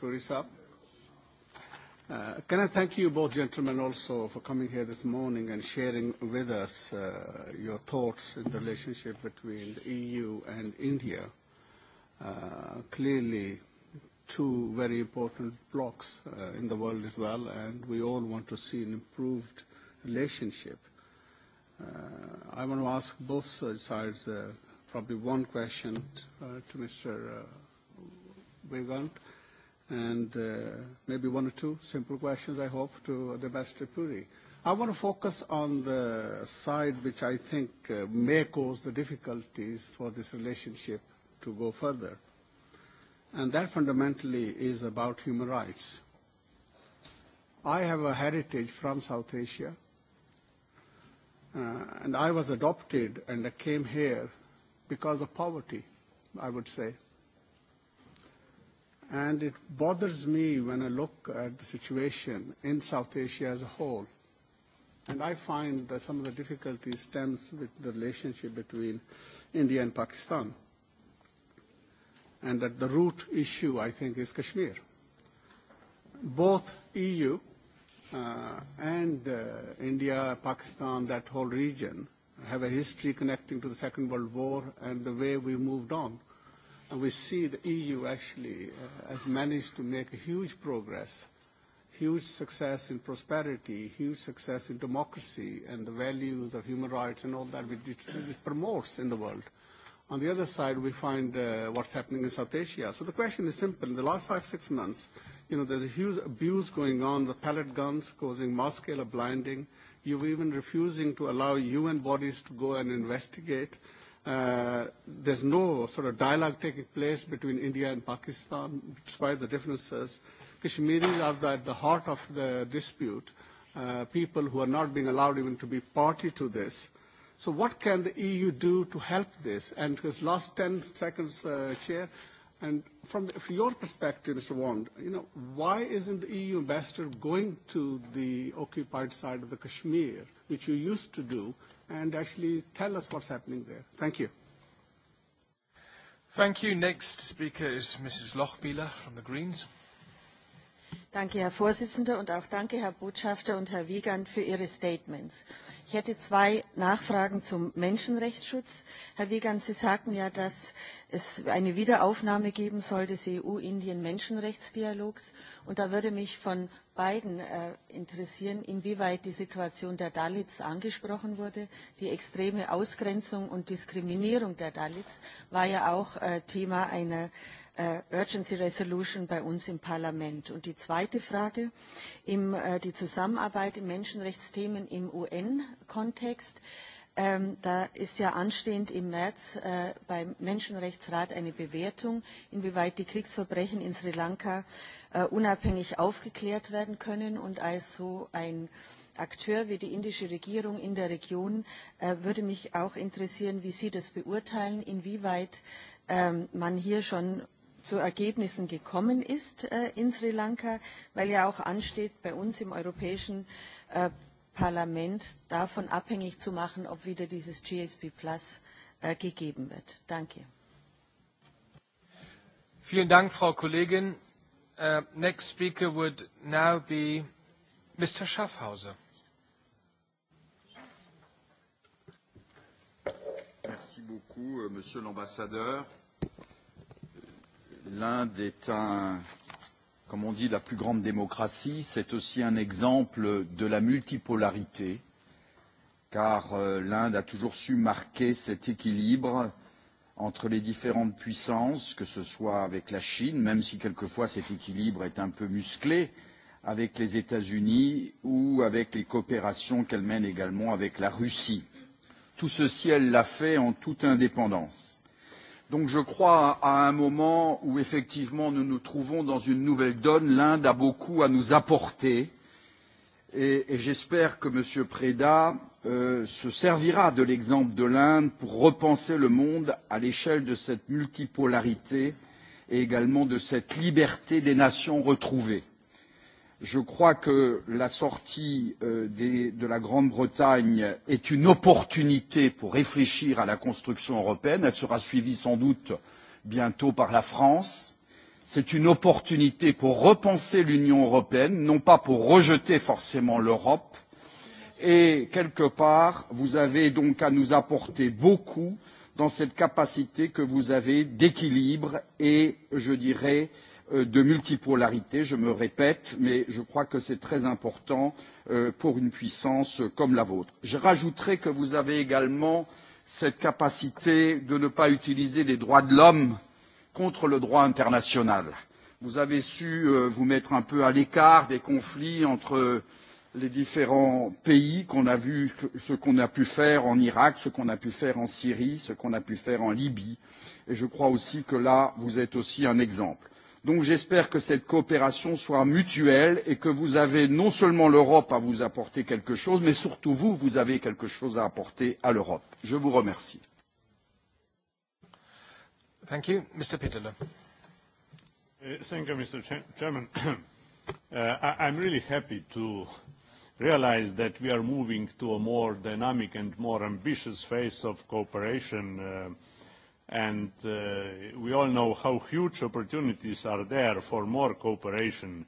Can I thank you both gentlemen also for coming here this morning and sharing with us your thoughts in the relationship between the EU and India. Clearly two very important blocks in the world as well and we all want to see an improved relationship. I want to ask both sides probably one question to Mr. Wigand and maybe one or two simple questions, I hope, to the Ambassador Puri. I want to focus on the side which I think may cause the difficulties for this relationship to go further, and that fundamentally is about human rights. I have a heritage from South Asia, and I was adopted and I came here because of poverty, I would say. And it bothers me when I look at the situation in South Asia as a whole. And I find that some of the difficulties stems with the relationship between India and Pakistan. And that the root issue, I think, is Kashmir. Both EU and India, Pakistan, that whole region, have a history connecting to the Second World War and the way we moved on we see the EU actually has managed to make a huge progress, huge success in prosperity, huge success in democracy and the values of human rights and all that which it promotes in the world. On the other side, we find what's happening in South Asia. So the question is simple. In the last five, six months, you know, there's a huge abuse going on, the pellet guns causing mass-scale blinding. You're even refusing to allow UN bodies to go and investigate there's no sort of dialogue taking place between India and Pakistan, despite the differences. Kashmiris are at the heart of the dispute, people who are not being allowed even to be party to this. So what can the EU do to help this? And his last 10 seconds, Chair, and from your perspective, Mr. Wand, you know, why isn't the EU ambassador going to the occupied side of the Kashmir, which you used to do, and actually tell us what's happening there. Thank you. Thank you. Next speaker is Mrs. Lochbieler from the Greens. Danke, Herr Vorsitzender, und auch danke, Herr Botschafter und Herr Wiegand, für Ihre Statements. Ich hätte zwei Nachfragen zum Menschenrechtsschutz. Herr Wiegand, Sie sagten ja, dass es eine Wiederaufnahme geben soll des EU-Indien-Menschenrechtsdialogs. Und da würde mich von beiden interessieren, inwieweit die Situation der Dalits angesprochen wurde. Die extreme Ausgrenzung und Diskriminierung der Dalits war ja auch Thema einer Urgency Resolution bei uns im Parlament. Und die zweite Frage, die Zusammenarbeit in Menschenrechtsthemen im UN-Kontext. Da ist ja anstehend im März beim Menschenrechtsrat eine Bewertung, inwieweit die Kriegsverbrechen in Sri Lanka unabhängig aufgeklärt werden können. Und als so ein Akteur wie die indische Regierung in der Region würde mich auch interessieren, wie Sie das beurteilen, inwieweit man hier schon zu Ergebnissen gekommen ist in Sri Lanka, weil ja auch ansteht, bei uns im Europäischen Parlament davon abhängig zu machen, ob wieder dieses GSP Plus gegeben wird. Danke. Vielen Dank, Frau Kollegin. Next speaker would now be Mr. Schaffhauser. Merci beaucoup, Monsieur l'Ambassadeur l'Inde est un, comme on dit, la plus grande démocratie. C'est aussi un exemple de la multipolarité, car l'Inde a toujours su marquer cet équilibre entre les différentes puissances, que ce soit avec la Chine, même si quelquefois cet équilibre est un peu musclé, avec les États-Unis ou avec les coopérations qu'elle mène également avec la Russie. Tout ceci, elle l'a fait en toute indépendance. Donc je crois à un moment où effectivement nous nous trouvons dans une nouvelle donne. L'Inde a beaucoup à nous apporter et j'espère que M. Preda se servira de l'exemple de l'Inde pour repenser le monde à l'échelle de cette multipolarité et également de cette liberté des nations retrouvées. Je crois que la sortie de la Grande-Bretagne est une opportunité pour réfléchir à la construction européenne. Elle sera suivie sans doute bientôt par la France. C'est une opportunité pour repenser l'Union européenne, non pas pour rejeter forcément l'Europe. Et quelque part, vous avez donc à nous apporter beaucoup dans cette capacité que vous avez d'équilibre et, je dirais, de multipolarité. Je me répète, mais je crois que c'est très important pour une puissance comme la vôtre. Je rajouterai que vous avez également cette capacité de ne pas utiliser les droits de l'homme contre le droit international. Vous avez su vous mettre un peu à l'écart des conflits entre les différents pays qu'on a vu ce qu'on a pu faire en Irak, ce qu'on a pu faire en Syrie, ce qu'on a pu faire en Libye. Et je crois aussi que là, vous êtes aussi un exemple. Donc j'espère que cette coopération sera mutuelle et que vous avez non seulement l'Europe à vous apporter quelque chose, mais surtout vous, vous avez quelque chose à apporter à l'Europe. Je vous remercie. Thank you. Mr. Peterle. Thank you, Mr. Chairman. I'm really happy to realize that we are moving to a more dynamic and more ambitious phase of cooperation and we all know how huge opportunities are there for more cooperation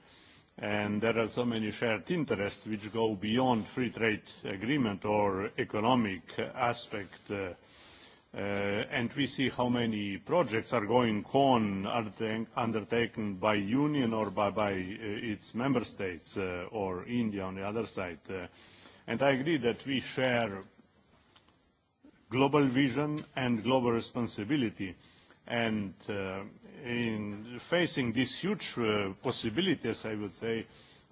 and there are so many shared interests which go beyond free trade agreement or economic aspect and we see how many projects are going on undertaken by union or by its member states or India on the other side and I agree that we share global vision and global responsibility. And in facing these huge possibilities, I would say,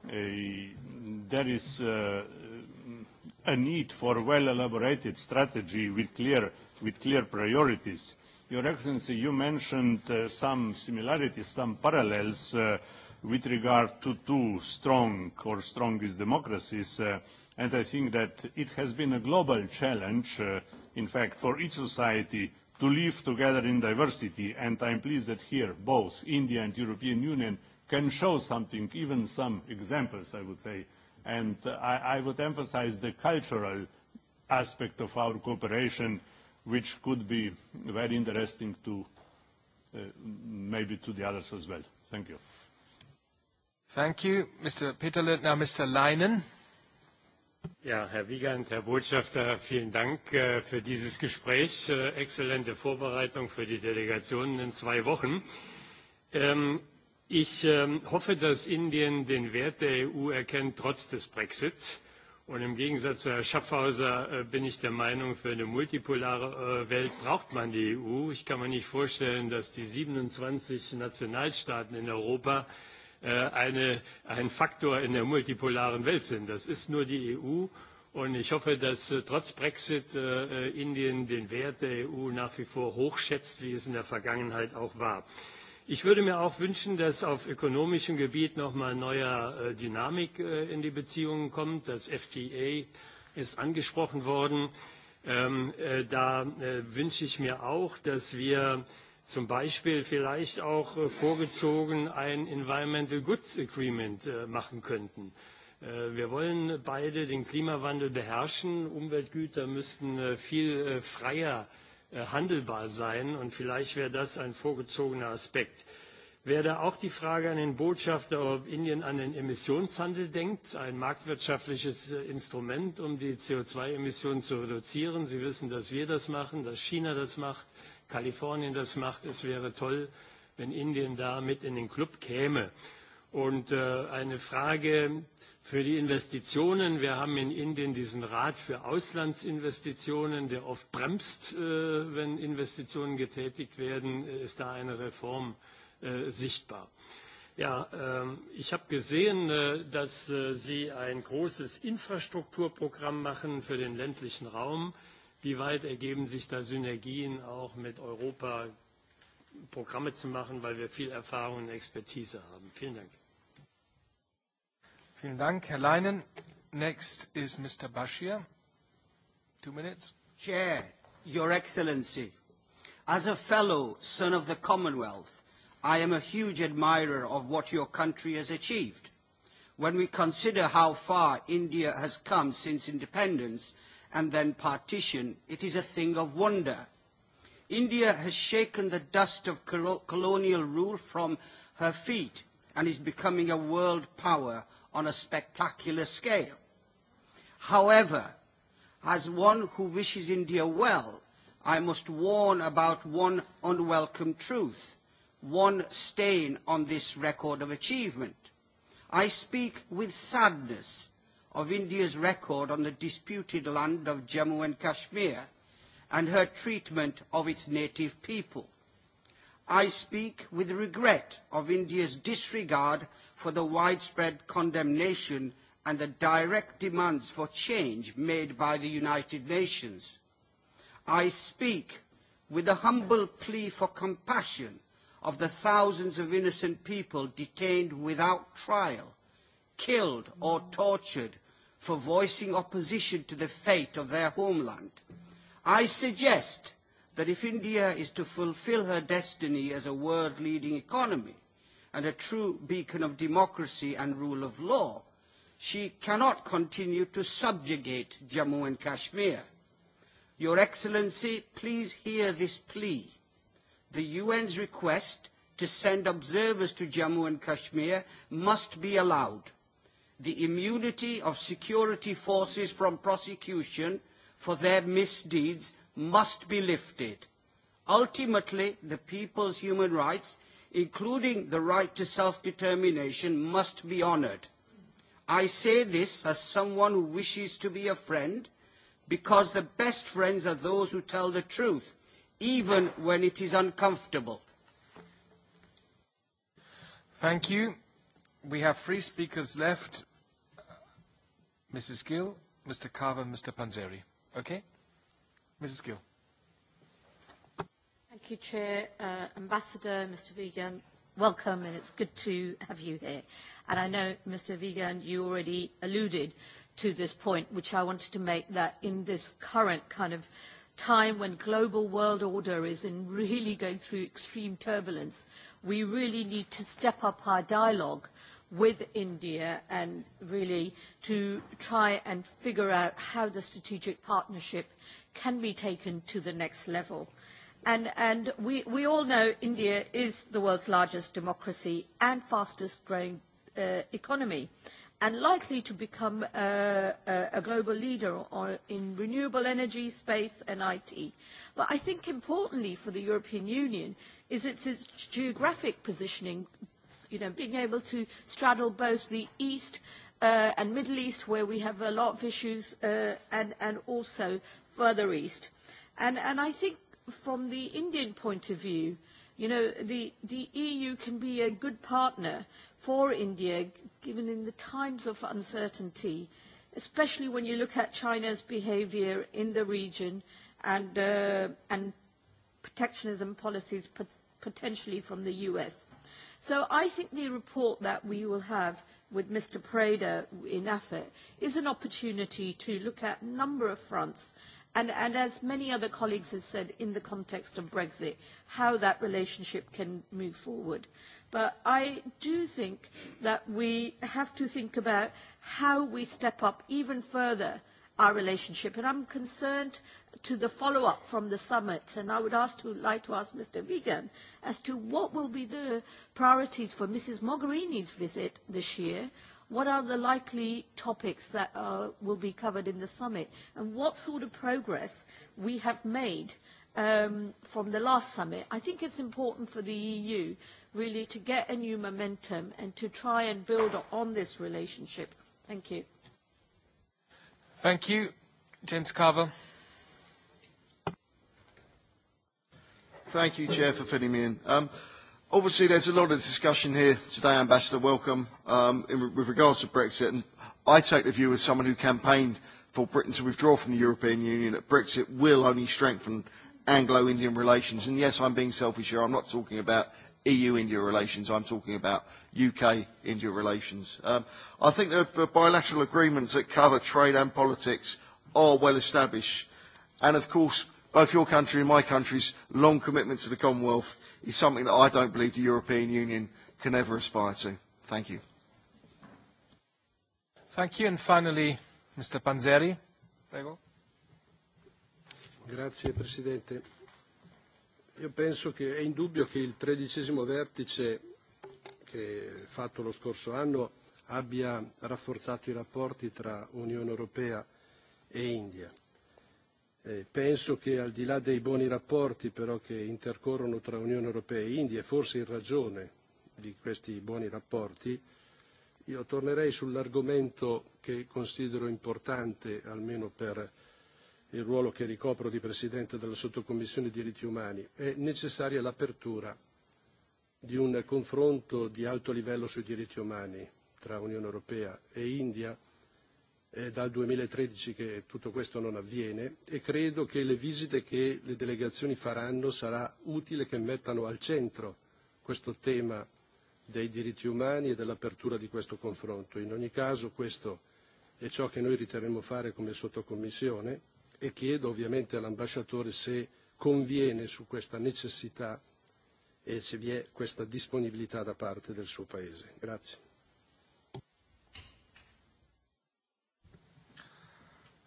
there is a need for well-elaborated strategy with clear priorities. Your Excellency, you mentioned some similarities, some parallels with regard to two strong or strongest democracies, and I think that it has been a global challenge in fact, for each society to live together in diversity, and I am pleased that here both India and European Union can show something, even some examples, I would say. And I would emphasize the cultural aspect of our cooperation, which could be very interesting to maybe to the others as well. Thank you. Thank you, Mr. Peterle. Now, Mr. Leinen. Ja, Herr Wiegand, Herr Botschafter, vielen Dank für dieses Gespräch. Exzellente Vorbereitung für die Delegationen in zwei Wochen. Ich hoffe, dass Indien den Wert der EU erkennt, trotz des Brexit. Und im Gegensatz zu Herrn Schaffhauser bin ich der Meinung, für eine multipolare Welt braucht man die EU. Ich kann mir nicht vorstellen, dass die 27 Nationalstaaten in Europa ein Faktor in der multipolaren Welt sind. Das ist nur die EU. Und ich hoffe, dass trotz Brexit Indien den Wert der EU nach wie vor hochschätzt, wie es in der Vergangenheit auch war. Ich würde mir auch wünschen, dass auf ökonomischem Gebiet noch mal neuer Dynamik in die Beziehungen kommt. Das FTA ist angesprochen worden. Da wünsche ich mir auch, dass wir zum Beispiel vielleicht auch vorgezogen ein Environmental Goods Agreement machen könnten. Wir wollen beide den Klimawandel beherrschen. Umweltgüter müssten viel freier handelbar sein und vielleicht wäre das ein vorgezogener Aspekt. Wäre da auch die Frage an den Botschafter, ob Indien an den Emissionshandel denkt, ein marktwirtschaftliches Instrument, um die CO2-Emissionen zu reduzieren. Sie wissen, dass wir das machen, dass China das macht Kalifornien das macht. Es wäre toll, wenn Indien da mit in den Club käme. Und eine Frage für die Investitionen. Wir haben in Indien diesen Rat für Auslandsinvestitionen, der oft bremst, wenn Investitionen getätigt werden. Ist da eine Reform sichtbar? Ja, ich habe gesehen, dass Sie ein großes Infrastrukturprogramm machen für den ländlichen Raum wie weit ergeben sich da Synergien auch mit Europa Programme zu machen, weil wir viel Erfahrung und Expertise haben. Vielen Dank. Vielen Dank, Herr Leinen. Next is Mr. Bashir. Two minutes. Chair, Your Excellency, as a fellow son of the Commonwealth, I am a huge admirer of what your country has achieved. When we consider how far India has come since independence and then partition, it is a thing of wonder. India has shaken the dust of colonial rule from her feet and is becoming a world power on a spectacular scale. However, as one who wishes India well, I must warn about one unwelcome truth, one stain on this record of achievement. I speak with sadness of India's record on the disputed land of Jammu and Kashmir and her treatment of its native people. I speak with regret of India's disregard for the widespread condemnation and the direct demands for change made by the United Nations. I speak with a humble plea for compassion of the thousands of innocent people detained without trial, killed or tortured for voicing opposition to the fate of their homeland. I suggest that if India is to fulfill her destiny as a world-leading economy and a true beacon of democracy and rule of law, she cannot continue to subjugate Jammu and Kashmir. Your Excellency, please hear this plea. The UN's request to send observers to Jammu and Kashmir must be allowed the immunity of security forces from prosecution for their misdeeds must be lifted. Ultimately, the people's human rights, including the right to self-determination, must be honoured. I say this as someone who wishes to be a friend, because the best friends are those who tell the truth, even when it is uncomfortable. Thank you. We have three speakers left. Mrs. Gill, Mr. Carver, Mr. Panzeri. Okay? Mrs. Gill. Thank you, Chair. Ambassador, Mr. Wiegand, welcome, and it's good to have you here. And I know, Mr. Wiegand, you already alluded to this point, which I wanted to make, that in this current kind of time when global world order is in really going through extreme turbulence, we really need to step up our dialogue with India and really to try and figure out how the strategic partnership can be taken to the next level. And we all know India is the world's largest democracy and fastest growing economy and likely to become a global leader in renewable energy, space and IT. But I think importantly for the European Union is its geographic positioning being able to straddle both the East and Middle East, where we have a lot of issues, and also further East. And I think from the Indian point of view, you know, the EU can be a good partner for India, given in the times of uncertainty, especially when you look at China's behavior in the region and protectionism policies potentially from the U.S. So I think the report that we will have with Mr. Preda in AFET is an opportunity to look at a number of fronts and as many other colleagues have said in the context of Brexit, how that relationship can move forward. But I do think that we have to think about how we step up even further our relationship. And I'm concerned to the follow-up from the summit, and I would like to ask Mr. Wiegand as to what will be the priorities for Mrs. Mogherini's visit this year, what are the likely topics that will be covered in the summit, and what sort of progress we have made from the last summit. I think it's important for the EU really to get a new momentum and to try and build on this relationship. Thank you. Thank you. James Carver. Thank you, Chair, for fitting me in. Um, obviously, there's a lot of discussion here today, Ambassador. Welcome um, in, with regards to Brexit. And I take the view as someone who campaigned for Britain to withdraw from the European Union that Brexit will only strengthen Anglo-Indian relations. And yes, I'm being selfish here. I'm not talking about EU-India relations. I'm talking about UK-India relations. Um, I think the bilateral agreements that cover trade and politics are well established. And of course, both your country and my country's long commitment to the Commonwealth is something that I don't believe the European Union can ever aspire to. Thank you. Thank you. And finally, Mr. Panzeri. Prego. Grazie, Presidente. Io penso che è indubbio che il tredicesimo vertice che fatto lo scorso anno abbia rafforzato i rapporti tra Unione Europea e India Penso che al di là dei buoni rapporti però che intercorrono tra Unione Europea e India, e forse in ragione di questi buoni rapporti, io tornerei sull'argomento che considero importante, almeno per il ruolo che ricopro di Presidente della Sottocommissione diritti umani. È necessaria l'apertura di un confronto di alto livello sui diritti umani tra Unione Europea e India dal 2013 che tutto questo non avviene e credo che le visite che le delegazioni faranno sarà utile che mettano al centro questo tema dei diritti umani e dell'apertura di questo confronto. In ogni caso questo è ciò che noi riterremo fare come sottocommissione e chiedo ovviamente all'ambasciatore se conviene su questa necessità e se vi è questa disponibilità da parte del suo Paese. Grazie.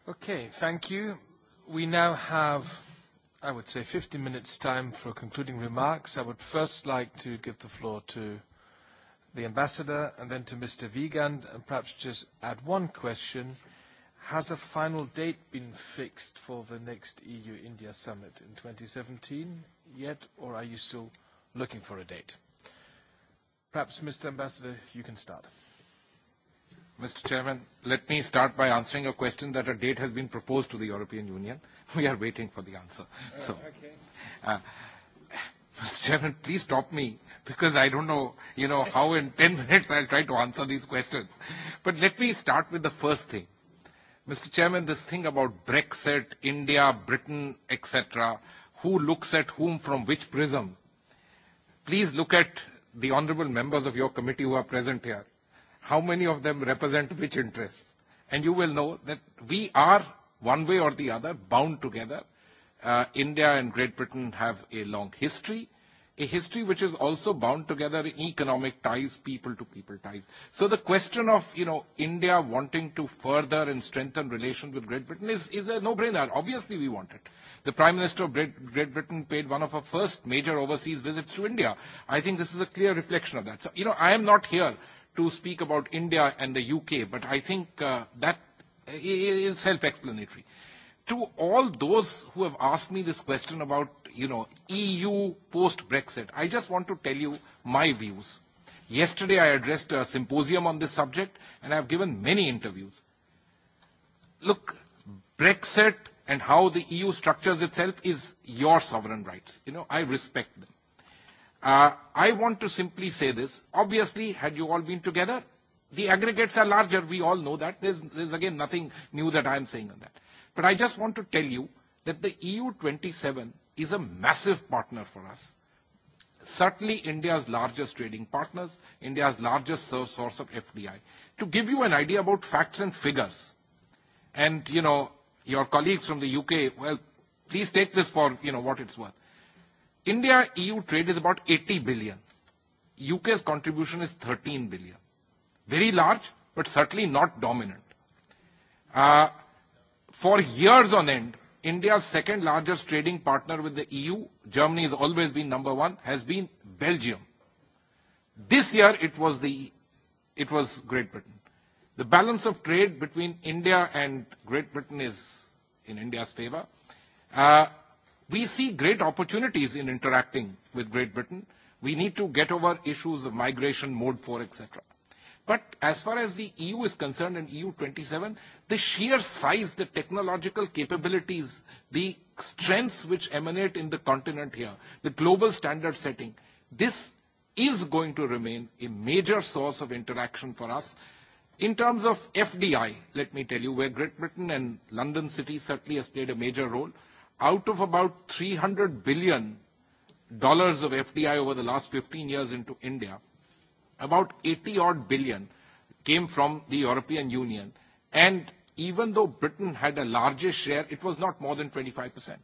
Okay, thank you. We now have, I would say, 50 minutes time for concluding remarks. I would first like to give the floor to the ambassador and then to Mr. Wiegand, and perhaps just add one question. Has a final date been fixed for the next EU-India summit in 2017 yet, or are you still looking for a date? Perhaps, Mr. Ambassador, you can start. Mr. Chairman, let me start by answering a question that a date has been proposed to the European Union. We are waiting for the answer. So, Mr. Chairman, please stop me because I don't know, you know, how in 10 minutes I'll try to answer these questions. But let me start with the first thing. Mr. Chairman, this thing about Brexit, India, Britain, etc., who looks at whom from which prism, please look at the honourable members of your committee who are present here how many of them represent which interests. And you will know that we are, one way or the other, bound together. India and Great Britain have a long history, a history which is also bound together in economic ties, people-to-people ties. So the question of, you know, India wanting to further and strengthen relations with Great Britain is, is a no-brainer. Obviously we want it. The Prime Minister of Great Britain paid one of her first major overseas visits to India. I think this is a clear reflection of that. So, you know, I am not here to speak about India and the UK, but I think that is self-explanatory. To all those who have asked me this question about, you know, EU post-Brexit, I just want to tell you my views. Yesterday I addressed a symposium on this subject and I have given many interviews. Look, Brexit and how the EU structures itself is your sovereign rights. You know, I respect them. I want to simply say this. Obviously, had you all been together, the aggregates are larger. We all know that. There's, is again nothing new that I am saying on that. But I just want to tell you that the EU27 is a massive partner for us. Certainly India's largest trading partners, India's largest source of FDI. To give you an idea about facts and figures, and, you know, your colleagues from the UK, well, please take this for, you know, what it's worth. India-EU trade is about 80 billion. UK's contribution is 13 billion. Very large, but certainly not dominant. For years on end, India's second largest trading partner with the EU, Germany has always been number one, has been Belgium. This year it was the it was Great Britain. The balance of trade between India and Great Britain is in India's favor. We see great opportunities in interacting with Great Britain. We need to get over issues of migration, mode four, etc. But as far as the EU is concerned and EU 27, the sheer size, the technological capabilities, the strengths which emanate in the continent here, the global standard setting, this is going to remain a major source of interaction for us. In terms of FDI, let me tell you, where Great Britain and London City certainly has played a major role, out of about $300 billion dollars of FDI over the last 15 years into India, about 80 odd billion came from the European Union. And even though Britain had a largest share, it was not more than 25%.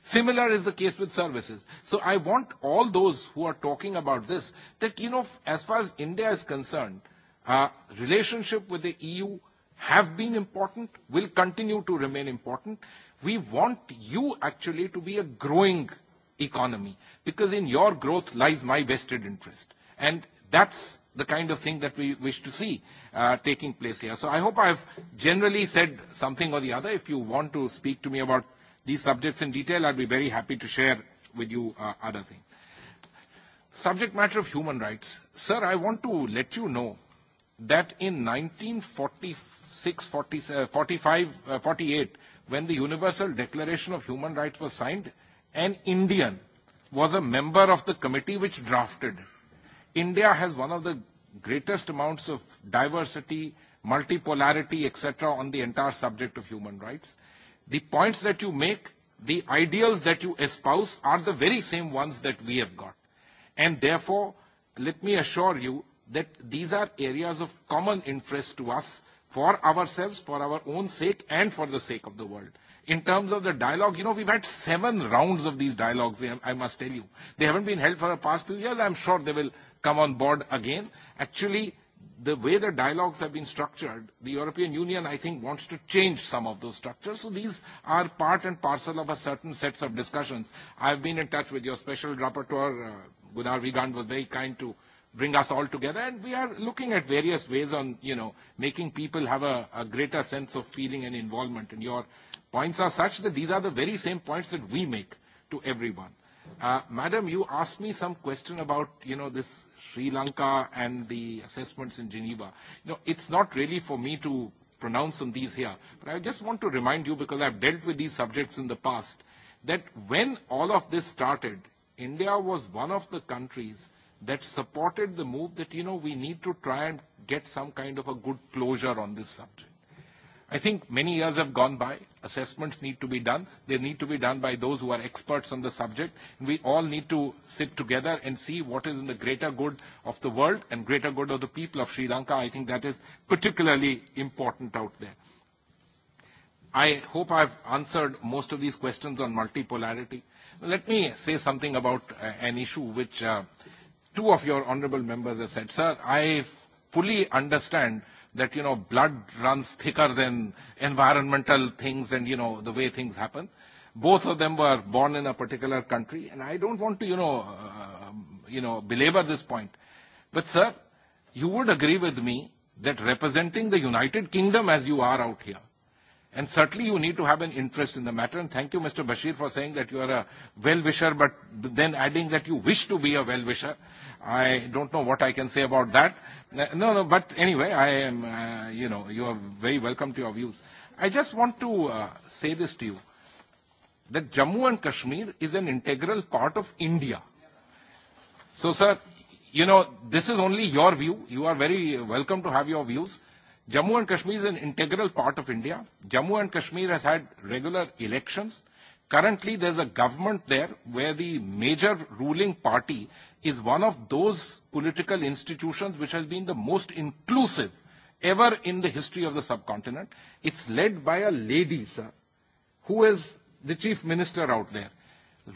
Similar is the case with services. So I want all those who are talking about this that, you know, as far as India is concerned, relationship with the EU have been important, will continue to remain important. We want you actually to be a growing economy because in your growth lies my vested interest. And that's the kind of thing that we wish to see taking place here. So I hope I've generally said something or the other. If you want to speak to me about these subjects in detail, I'd be very happy to share with you other things. Subject matter of human rights. Sir, I want to let you know that in 1946, 45, 48, when the Universal Declaration of Human Rights was signed, an Indian was a member of the committee which drafted. India has one of the greatest amounts of diversity, multipolarity, etc. on the entire subject of human rights. The points that you make, the ideals that you espouse are the very same ones that we have got. And therefore, let me assure you that these are areas of common interest to us for ourselves, for our own sake, and for the sake of the world. In terms of the dialogue, you know, we've had seven rounds of these dialogues, I must tell you. They haven't been held for the past few years. I'm sure they will come on board again. Actually, the way the dialogues have been structured, the European Union, I think, wants to change some of those structures. So these are part and parcel of a certain sets of discussions. I've been in touch with your special rapporteur, Gunnar Vigand was very kind to bring us all together. And we are looking at various ways on, you know, making people have a greater sense of feeling and involvement. And your points are such that these are the very same points that we make to everyone. Madam, you asked me some question about, you know, this Sri Lanka and the assessments in Geneva. You know, it's not really for me to pronounce on these here, but I just want to remind you, because I've dealt with these subjects in the past, that when all of this started, India was one of the countries that supported the move that, you know, we need to try and get some kind of a good closure on this subject. I think many years have gone by. Assessments need to be done. They need to be done by those who are experts on the subject. We all need to sit together and see what is in the greater good of the world and greater good of the people of Sri Lanka. I think that is particularly important out there. I hope I've answered most of these questions on multipolarity. Let me say something about an issue which two of your honourable members have said, sir, I fully understand that, you know, blood runs thicker than environmental things and, you know, the way things happen. Both of them were born in a particular country, and I don't want to, you know, you know, belabor this point. But, sir, you would agree with me that representing the United Kingdom as you are out here, and certainly you need to have an interest in the matter, and thank you, Mr. Bashir, for saying that you are a well-wisher, but then adding that you wish to be a well-wisher. I don't know what I can say about that. No, no, but anyway, I am, you know, you are very welcome to your views. I just want to say this to you, that Jammu and Kashmir is an integral part of India. So, sir, you know, this is only your view. You are very welcome to have your views. Jammu and Kashmir is an integral part of India. Jammu and Kashmir has had regular elections. Currently, there's a government there where the major ruling party is one of those political institutions which has been the most inclusive ever in the history of the subcontinent. It's led by a lady, sir, who is the chief minister out there.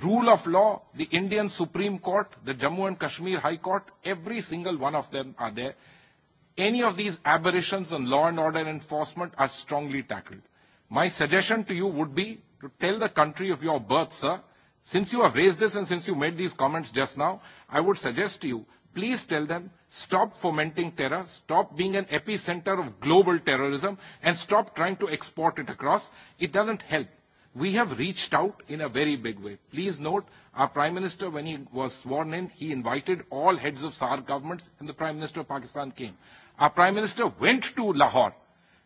Rule of law, the Indian Supreme Court, the Jammu and Kashmir High Court, every single one of them are there. Any of these aberrations on law and order enforcement are strongly tackled. My suggestion to you would be to tell the country of your birth, sir, since you have raised this and since you made these comments just now, I would suggest to you, please tell them, stop fomenting terror, stop being an epicenter of global terrorism, and stop trying to export it across. It doesn't help. We have reached out in a very big way. Please note, our Prime Minister, when he was sworn in, he invited all heads of SAR governments, and the Prime Minister of Pakistan came. Our Prime Minister went to Lahore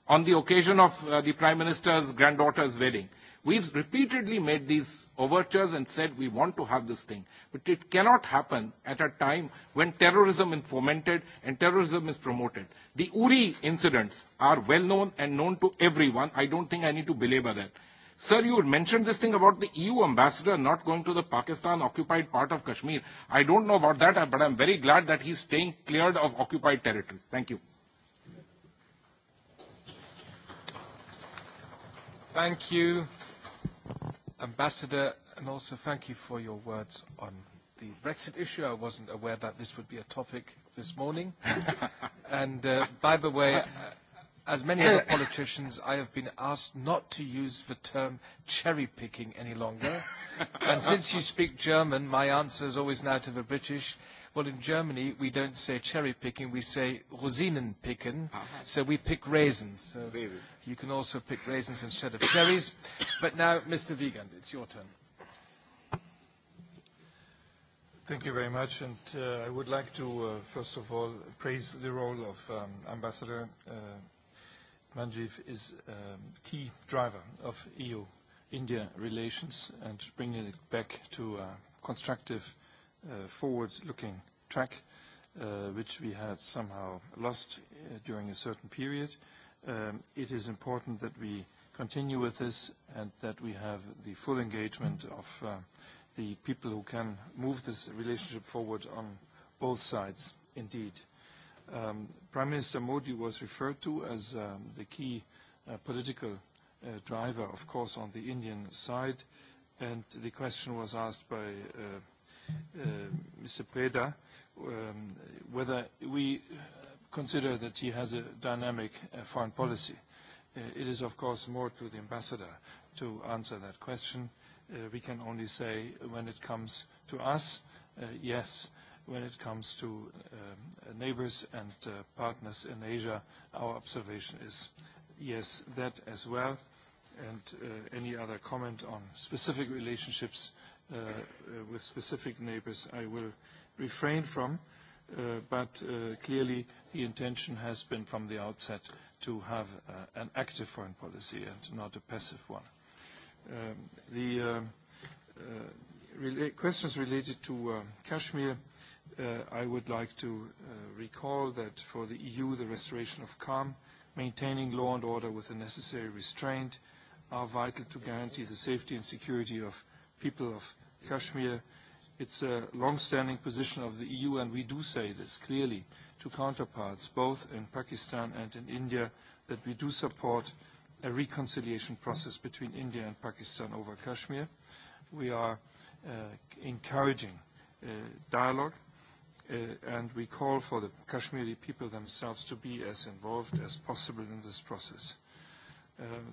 on the occasion of the Prime Minister's granddaughter's wedding. We've repeatedly made these overtures and said we want to have this thing, but it cannot happen at a time when terrorism is fomented and terrorism is promoted. The Uri incidents are well known and known to everyone. I don't think I need to belabor that. Sir, you mentioned this thing about the EU ambassador not going to the Pakistan-occupied part of Kashmir. I don't know about that, but I'm very glad that he's staying cleared of occupied territory. Thank you. Thank you. Ambassador, and also thank you for your words on the Brexit issue. I wasn't aware that this would be a topic this morning. And by the way, as many other politicians, I have been asked not to use the term cherry picking any longer. And since you speak German, my answer is always now to the British. Well, in Germany, we don't say cherry picking, we say Rosinen picken. So we pick raisins. You can also pick raisins instead of cherries. But now, Mr. Wiegand, it's your turn. Thank you very much, and I would like to, first of all, praise the role of Ambassador Manjiv is a key driver of EU-India relations and bringing it back to a constructive, forward-looking track, which we had somehow lost during a certain period it is important that we continue with this and that we have the full engagement of the people who can move this relationship forward on both sides, indeed. Prime Minister Modi was referred to as the key political driver, of course, on the Indian side, and the question was asked by Mr. Preda whether we consider that he has a dynamic foreign policy. It is, of course, more to the ambassador to answer that question. We can only say when it comes to us, yes. When it comes to neighbors and partners in Asia, our observation is yes, that as well. And any other comment on specific relationships with specific neighbors, I will refrain from. But clearly, the intention has been from the outset to have an active foreign policy and not a passive one. The questions related to Kashmir, I would like to recall that for the EU, the restoration of calm, maintaining law and order with the necessary restraint are vital to guarantee the safety and security of people of Kashmir It's a long-standing position of the EU, and we do say this clearly to counterparts, both in Pakistan and in India, that we do support a reconciliation process between India and Pakistan over Kashmir. We are encouraging dialogue, and we call for the Kashmiri people themselves to be as involved as possible in this process.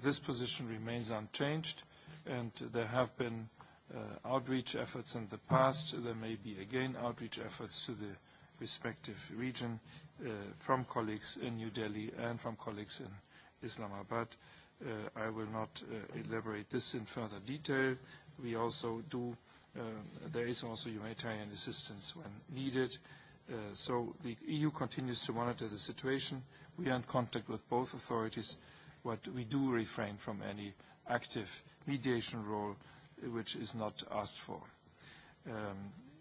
This position remains unchanged, and there have been outreach efforts in the past. There may be, again, outreach efforts to the respective region from colleagues in New Delhi and from colleagues in Islamabad. I will not elaborate this in further detail. We also do, there is also humanitarian assistance when needed. So the EU continues to monitor the situation. We are in contact with both authorities, but we do refrain from any active mediation role which is not asked for.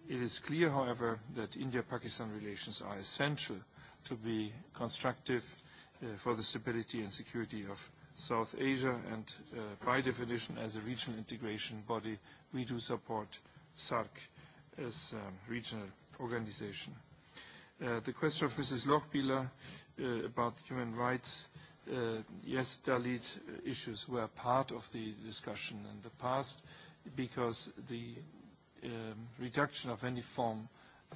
It is clear, however, that India-Pakistan relations are essential to be constructive for the stability and security of South Asia, and by definition, as a regional integration body, we do support SARC as a regional organization. The question of Mrs. Lochbihler about human rights, yes, Dalit issues were part of the discussion in the past because the reduction of any form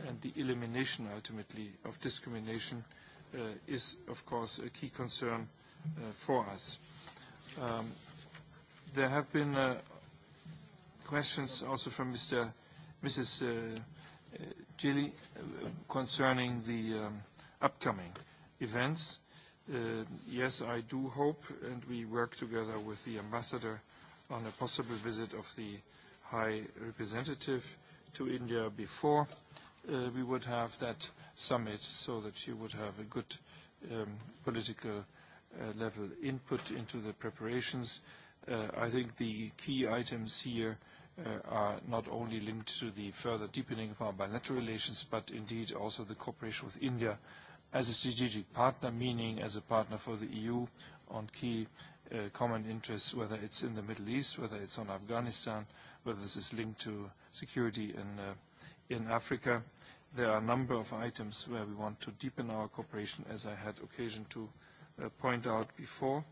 and the elimination ultimately of discrimination is of course a key concern for us. There have been questions also from Mr. Mrs. Gilly concerning the upcoming events. Yes, I do hope, and we work together with the ambassador on a possible visit of the High Representative to India before we would have that summit so that she would have a good political level input into the preparations. I think the key items here are not only linked to the further deepening of our bilateral relations, but indeed also the cooperation with India as a strategic partner, meaning as a partner for the EU on key common interests, whether it's in the Middle East, whether it's on Afghanistan, whether this is linked to security in Africa. There are a number of items where we want to deepen our cooperation, as I had occasion to point out before,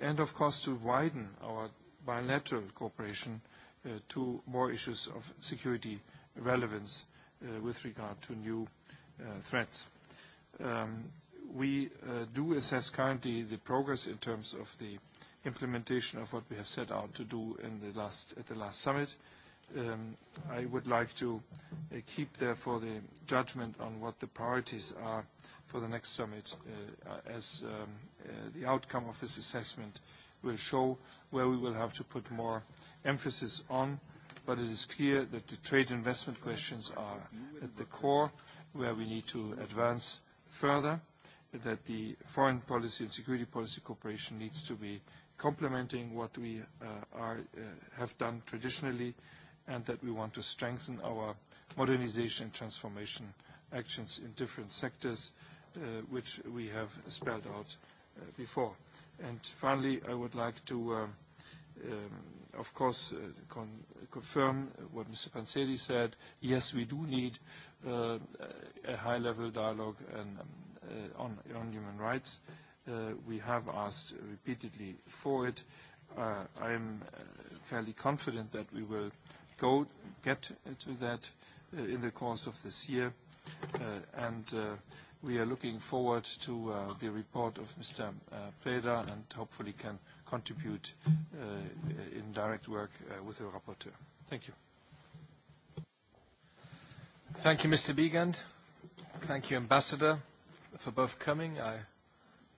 and of course to widen our bilateral cooperation to more issues of security relevance with regard to new threats we do assess currently the progress in terms of the implementation of what we have set out to do at the last summit. I would like to keep therefore the judgment on what the priorities are for the next summit as the outcome of this assessment will show where we will have to put more emphasis on, but it is clear that the trade investment questions are at the core where we need to advance further that the foreign policy and security policy cooperation needs to be complementing what we have done traditionally and that we want to strengthen our modernization and transformation actions in different sectors, which we have spelled out before. And finally, I would like to, of course, confirm what Mr. Panseri said. Yes, we do need a high-level dialogue and on human rights. We have asked repeatedly for it. I am fairly confident that we will go get to that in the course of this year, and we are looking forward to the report of Mr. Preda and hopefully can contribute in direct work with the rapporteur. Thank you. Thank you, Mr. Wiegand. Thank you, Ambassador for both coming. I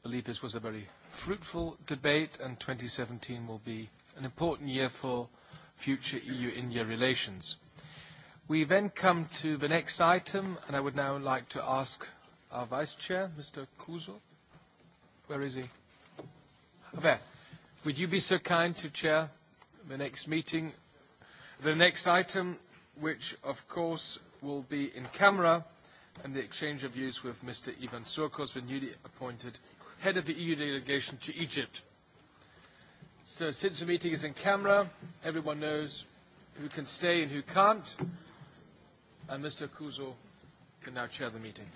believe this was a very fruitful debate, and 2017 will be an important year for future EU-India relations. We then come to the next item, and I would now like to ask our Vice Chair, Mr. Kuzo. Where is he? There. Would you be so kind to chair the next meeting, the next item, which of course will be in camera and the exchange of views with Mr. Ivan Surkos, the newly appointed head of the EU delegation to Egypt. So since the meeting is in camera, everyone knows who can stay and who can't, and Mr. Kuzo can now chair the meeting.